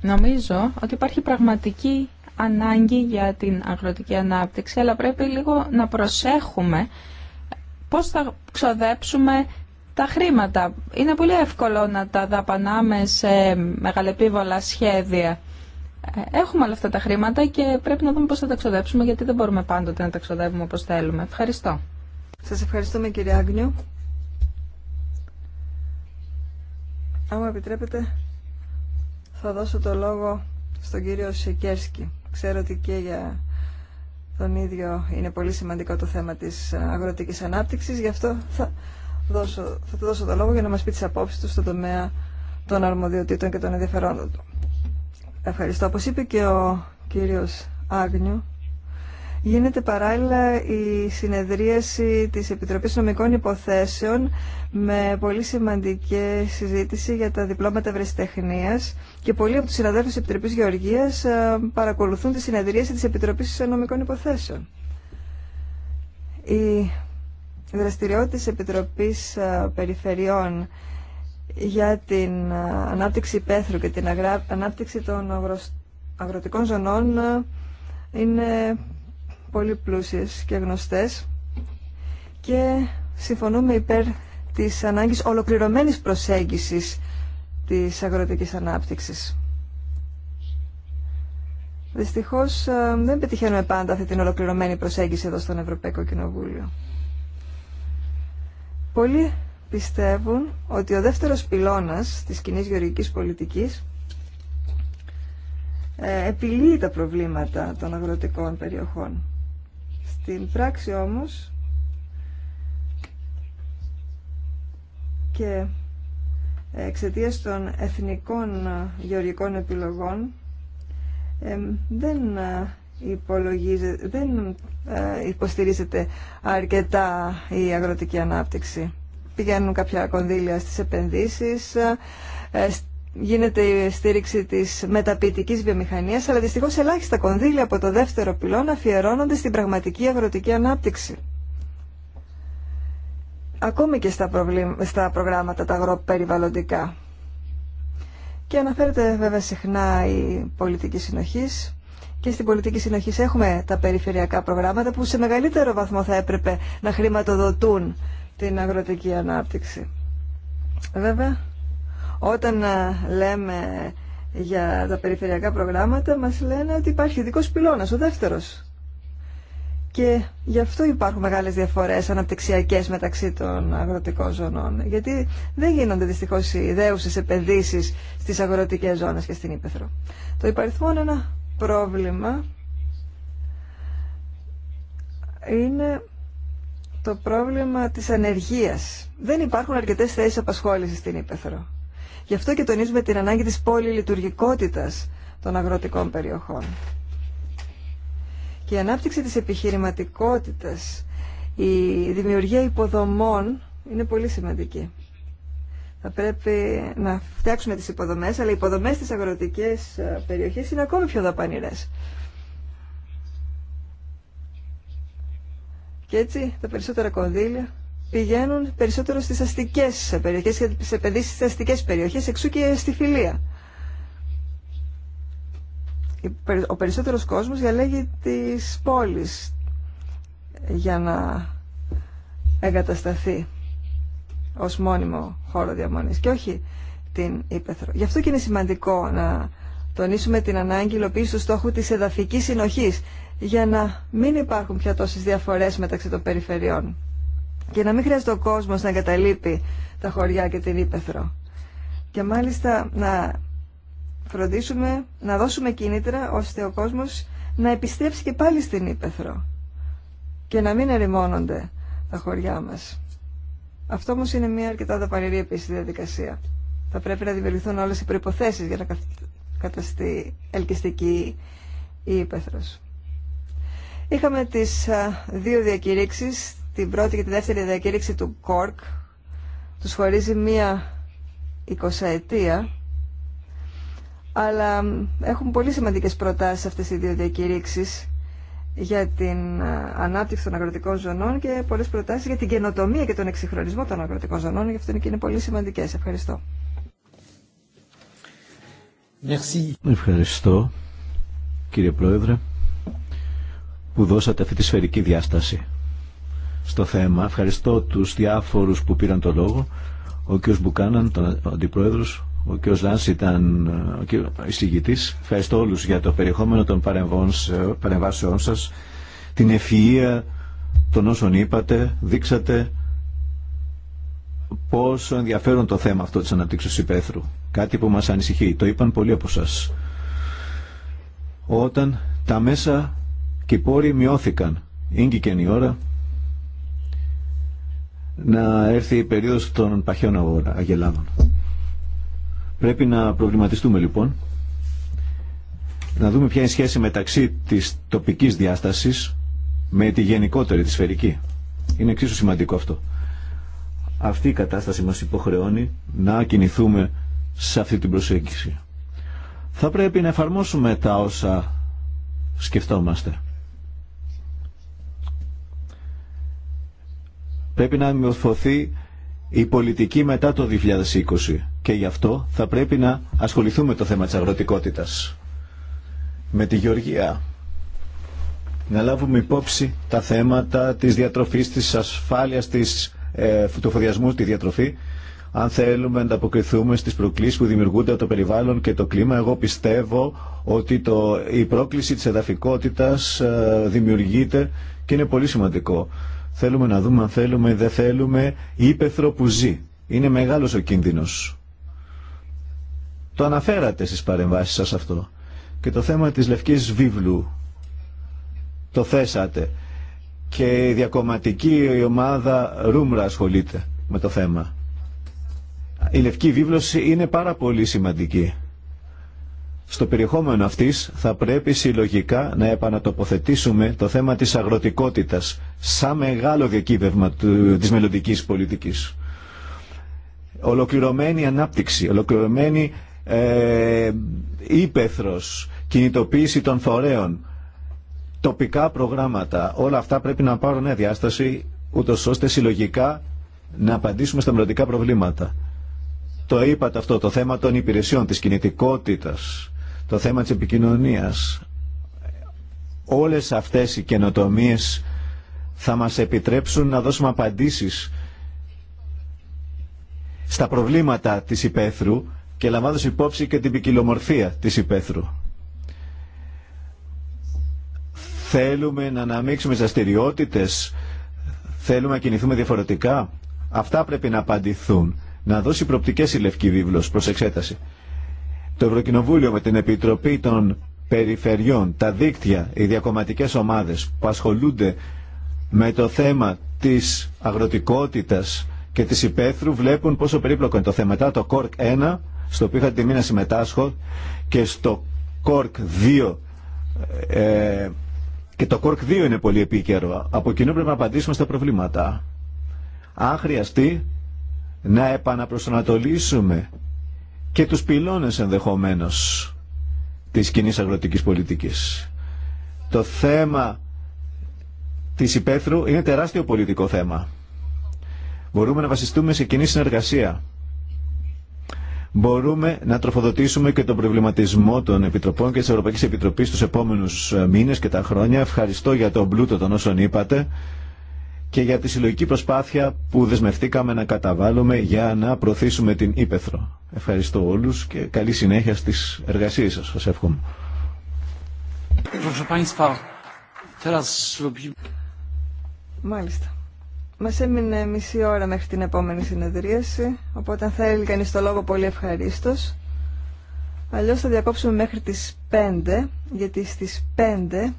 Νομίζω ότι υπάρχει πραγματική ανάγκη για την αγροτική ανάπτυξη, αλλά πρέπει λίγο να προσέχουμε πώς θα ξοδέψουμε τα χρήματα. Είναι πολύ εύκολο να τα δαπανάμε σε μεγαλεπίβολα σχέδια. Ε, έχουμε όλα αυτά τα χρήματα και πρέπει να δούμε πώς θα τα ξοδέψουμε γιατί δεν μπορούμε πάντοτε να τα ξοδεύουμε όπως θέλουμε. Ευχαριστώ. Σας ευχαριστούμε κύριε Άγνιο. Αν μου επιτρέπετε θα δώσω το λόγο στον κύριο Σεκέρσκι. Ξέρω ότι και για τον ίδιο είναι πολύ σημαντικό το θέμα της ε, αγροτικής ανάπτυξης. Γι' αυτό θα, δώσω, θα του δώσω το λόγο για να μας πει τις απόψεις του στον τομέα των αρμοδιοτήτων και των ενδιαφερόντων του. Ευχαριστώ. Όπως είπε και ο κύριος Άγνιου, γίνεται παράλληλα η συνεδρίαση της Επιτροπής Νομικών Υποθέσεων με πολύ σημαντική συζήτηση για τα διπλώματα ευρεσιτεχνίας και πολλοί από τους συναδέλφους της Επιτροπής Γεωργίας ε, παρακολουθούν τη συνεδρίαση της Επιτροπής Νομικών Υποθέσεων. Η δραστηριότητα της Επιτροπής ε, Περιφερειών για την ε, ανάπτυξη πέθρου και την ανάπτυξη των αγροτικών ζωνών είναι πολύ πλούσιες και γνωστές και συμφωνούμε υπέρ της ανάγκης ολοκληρωμένης προσέγγισης της αγροτικής ανάπτυξης. Δυστυχώς ε, δεν πετυχαίνουμε πάντα αυτή την ολοκληρωμένη προσέγγιση εδώ στον Ευρωπαϊκό Κοινοβούλιο. Πολλοί πιστεύουν ότι ο δεύτερος πυλώνας της κοινή γεωργικής πολιτικής ε, επιλύει τα προβλήματα των αγροτικών περιοχών. Στην πράξη όμως και εξαιτία των εθνικών γεωργικών επιλογών δεν ε, δεν ε, υποστηρίζεται αρκετά η αγροτική ανάπτυξη. Πηγαίνουν κάποια κονδύλια στις επενδύσεις, ε, γίνεται η στήριξη της μεταποιητική βιομηχανίας, αλλά δυστυχώ ελάχιστα κονδύλια από το δεύτερο πυλόν αφιερώνονται στην πραγματική αγροτική ανάπτυξη. Ακόμη και στα, προγράμματα τα αγροπεριβαλλοντικά. Και αναφέρεται βέβαια συχνά η πολιτική συνοχής και στην πολιτική συνοχή έχουμε τα περιφερειακά προγράμματα που σε μεγαλύτερο βαθμό θα έπρεπε να χρηματοδοτούν την αγροτική ανάπτυξη. Βέβαια, όταν ε, λέμε για τα περιφερειακά προγράμματα μας λένε ότι υπάρχει ειδικό πυλώνας, ο δεύτερος. Και γι' αυτό υπάρχουν μεγάλες διαφορές αναπτυξιακές μεταξύ των αγροτικών ζωνών. Γιατί δεν γίνονται δυστυχώς οι ιδέουσες επενδύσεις στις αγροτικές ζώνες και στην Ήπεθρο. Το υπαριθμό είναι ένα πρόβλημα. Είναι το πρόβλημα της ανεργίας. Δεν υπάρχουν αρκετές θέσεις απασχόλησης στην Ήπεθρο. Γι' αυτό και τονίζουμε την ανάγκη της πολυλειτουργικότητας των αγροτικών περιοχών. Και η ανάπτυξη της επιχειρηματικότητας, η δημιουργία υποδομών είναι πολύ σημαντική. Θα πρέπει να φτιάξουμε τις υποδομές, αλλά οι υποδομές στις αγροτικές ε, περιοχές είναι ακόμη πιο δαπανηρές. Και έτσι τα περισσότερα κονδύλια πηγαίνουν περισσότερο στις αστικές περιοχές και σε επενδύσεις στις αστικές περιοχές, εξού και στη φιλία. Ο περισσότερος κόσμος διαλέγει τις πόλεις για να εγκατασταθεί ως μόνιμο χώρο διαμονής και όχι την Ήπεθρο. Γι' αυτό και είναι σημαντικό να τονίσουμε την ανάγκη υλοποίηση του στόχου της εδαφικής συνοχής για να μην υπάρχουν πια τόσες διαφορές μεταξύ των περιφερειών και να μην χρειάζεται ο κόσμος να εγκαταλείπει τα χωριά και την ύπεθρο. Και μάλιστα να φροντίσουμε, να δώσουμε κίνητρα ώστε ο κόσμος να επιστρέψει και πάλι στην ύπεθρο και να μην ερημώνονται τα χωριά μας. Αυτό όμως είναι μια αρκετά δαπανηρή επίσης διαδικασία. Θα πρέπει να δημιουργηθούν όλες οι προϋποθέσεις για να καταστεί ελκυστική η ύπεθρος. Είχαμε τις δύο διακηρύξεις την πρώτη και τη δεύτερη διακήρυξη του ΚΟΡΚ τους χωρίζει μία εικοσαετία αλλά έχουν πολύ σημαντικές προτάσεις αυτές οι δύο διακήρυξεις για την ε, ανάπτυξη των αγροτικών ζωνών και πολλές προτάσεις για την καινοτομία και τον εξυγχρονισμό των αγροτικών ζωνών γι' αυτό είναι και είναι πολύ σημαντικές. Ευχαριστώ. Ευχαριστώ κύριε Πρόεδρε που δώσατε αυτή τη σφαιρική διάσταση στο θέμα. Ευχαριστώ τους διάφορους που πήραν το λόγο. Ο κ. Μπουκάναν, τον αντιπρόεδρος, ο κ. Λάνς ήταν ο κ. εισηγητής. Ευχαριστώ όλους για το περιεχόμενο των παρεμβάσεών σας, την ευφυΐα των όσων είπατε, δείξατε πόσο ενδιαφέρον το θέμα αυτό της αναπτύξεως υπαίθρου. Κάτι που μας ανησυχεί. Το είπαν πολλοί από σας. Όταν τα μέσα και οι πόροι μειώθηκαν. Ήγηκε η ώρα να έρθει η περίοδος των παχιών αγελάδων. Πρέπει να προβληματιστούμε λοιπόν, να δούμε ποια είναι η σχέση μεταξύ της τοπικής διάστασης με τη γενικότερη, τη σφαιρική. Είναι εξίσου σημαντικό αυτό. Αυτή η κατάσταση μας υποχρεώνει να κινηθούμε σε αυτή την προσέγγιση. Θα πρέπει να εφαρμόσουμε τα όσα σκεφτόμαστε. Πρέπει να μορφωθεί η πολιτική μετά το 2020 και γι' αυτό θα πρέπει να ασχοληθούμε το θέμα της αγροτικότητας, με τη γεωργία. Να λάβουμε υπόψη τα θέματα της διατροφής, της ασφάλειας, ε, του φοδιασμού, τη διατροφή. Αν θέλουμε να ανταποκριθούμε στις προκλήσεις που δημιουργούνται από το περιβάλλον και το κλίμα, εγώ πιστεύω ότι το, η πρόκληση της εδαφικότητας ε, δημιουργείται και είναι πολύ σημαντικό. Θέλουμε να δούμε αν θέλουμε ή δεν θέλουμε ύπεθρο που ζει. Είναι μεγάλος ο κίνδυνος. Το αναφέρατε στις παρεμβάσεις σας αυτό. Και το θέμα της Λευκής Βίβλου το θέσατε. Και η διακομματική η ομάδα Ρούμρα ασχολείται με το θέμα. Η Λευκή Βίβλος είναι πάρα πολύ σημαντική. Στο περιεχόμενο αυτής θα πρέπει συλλογικά να επανατοποθετήσουμε το θέμα της αγροτικότητας σαν μεγάλο διακύβευμα της μελλοντική πολιτικής. Ολοκληρωμένη ανάπτυξη, ολοκληρωμένη ε, ύπεθρος, κινητοποίηση των φορέων, τοπικά προγράμματα, όλα αυτά πρέπει να πάρουν μια διάσταση ούτως ώστε συλλογικά να απαντήσουμε στα μελλοντικά προβλήματα. Το είπατε αυτό, το θέμα των υπηρεσιών, της κινητικότητας, το θέμα της επικοινωνίας. Όλες αυτές οι καινοτομίες θα μας επιτρέψουν να δώσουμε απαντήσεις στα προβλήματα της υπαίθρου και λαμβάνοντας υπόψη και την ποικιλομορφία της υπαίθρου. Θέλουμε να αναμίξουμε δραστηριότητε, θέλουμε να κινηθούμε διαφορετικά. Αυτά πρέπει να απαντηθούν, να δώσει προπτικές η Λευκή Βίβλος προς εξέταση το Ευρωκοινοβούλιο με την Επιτροπή των Περιφερειών, τα δίκτυα, οι διακομματικές ομάδες που ασχολούνται με το θέμα της αγροτικότητας και της υπαίθρου βλέπουν πόσο περίπλοκο είναι το θέμα. Μετά το ΚΟΡΚ 1, στο οποίο είχα τιμή να συμμετάσχω, και στο ΚΟΡΚ 2, ε, και το ΚΟΡΚ 2 είναι πολύ επίκαιρο. Από κοινού πρέπει να απαντήσουμε στα προβλήματα. Αν χρειαστεί να επαναπροσανατολίσουμε και τους πυλώνες ενδεχομένως της κοινή αγροτικής πολιτικής. Το θέμα της υπαίθρου είναι τεράστιο πολιτικό θέμα. Μπορούμε να βασιστούμε σε κοινή συνεργασία. Μπορούμε να τροφοδοτήσουμε και τον προβληματισμό των Επιτροπών και της Ευρωπαϊκής Επιτροπής στους επόμενους μήνες και τα χρόνια. Ευχαριστώ για τον πλούτο των όσων είπατε και για τη συλλογική προσπάθεια που δεσμευτήκαμε να καταβάλουμε για να προωθήσουμε την Ήπεθρο. Ευχαριστώ όλους και καλή συνέχεια στις εργασίες σας. Σας εύχομαι. Μάλιστα. μα έμεινε μισή ώρα μέχρι την επόμενη συνεδρίαση, οπότε αν θέλει κανείς το λόγο πολύ ευχαριστώ. Αλλιώς θα διακόψουμε μέχρι τις 5, γιατί στις 5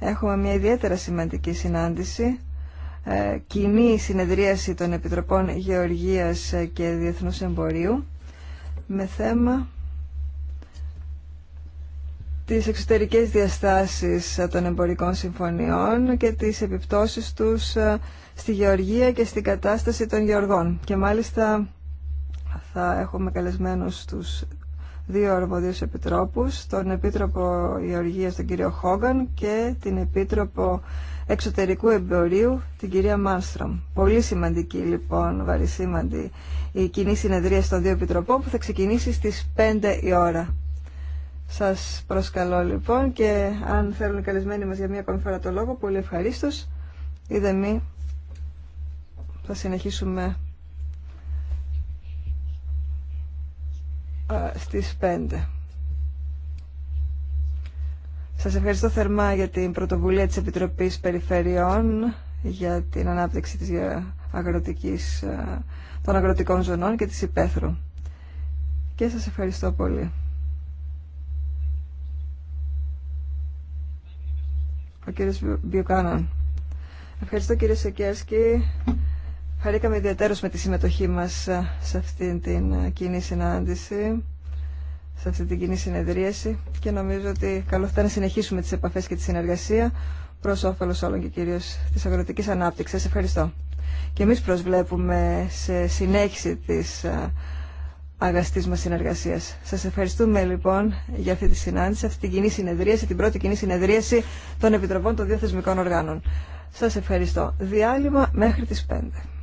έχουμε μια ιδιαίτερα σημαντική συνάντηση ε, κοινή συνεδρίαση των Επιτροπών Γεωργίας και Διεθνούς Εμπορίου με θέμα τις εξωτερικές διαστάσεις των εμπορικών συμφωνιών και τις επιπτώσεις τους ε, στη γεωργία και στην κατάσταση των γεωργών. Και μάλιστα θα έχουμε καλεσμένους τους δύο αρμοδίους επιτρόπους, τον Επίτροπο Γεωργίας τον κύριο Χόγκαν και την Επίτροπο Εξωτερικού Εμπορίου, την κυρία Μάνστρομ. Πολύ σημαντική λοιπόν, βαρισίμαντη η κοινή συνεδρία των δύο επιτροπών που θα ξεκινήσει στις 5 η ώρα. Σας προσκαλώ λοιπόν και αν θέλουν οι καλεσμένοι μας για μία ακόμη φορά το λόγο, πολύ ευχαρίστω. Είδε μη, θα συνεχίσουμε στις 5. Σας ευχαριστώ θερμά για την πρωτοβουλία της Επιτροπής Περιφερειών για την ανάπτυξη της ε, αγροτικής, ε, των αγροτικών ζωνών και της υπαίθρου. Και σας ευχαριστώ πολύ. Ο κύριος Μπιουκάναν. Ευχαριστώ κύριε Σεκέρσκι. Χαρήκαμε ιδιαίτερως με τη συμμετοχή μας ε, σε αυτήν την κοινή συνάντηση σε αυτή την κοινή συνεδρίαση και νομίζω ότι καλό θα ήταν να συνεχίσουμε τις επαφές και τη συνεργασία προς όφελος όλων και κυρίως της αγροτικής ανάπτυξης. Σας ευχαριστώ. Και εμείς προσβλέπουμε σε συνέχιση της αγαστής μας συνεργασίας. Σας ευχαριστούμε λοιπόν για αυτή τη συνάντηση, αυτή την κοινή συνεδρίαση, την πρώτη κοινή συνεδρίαση των Επιτροπών των Δύο Οργάνων. Σας ευχαριστώ. Διάλειμμα μέχρι τις 5.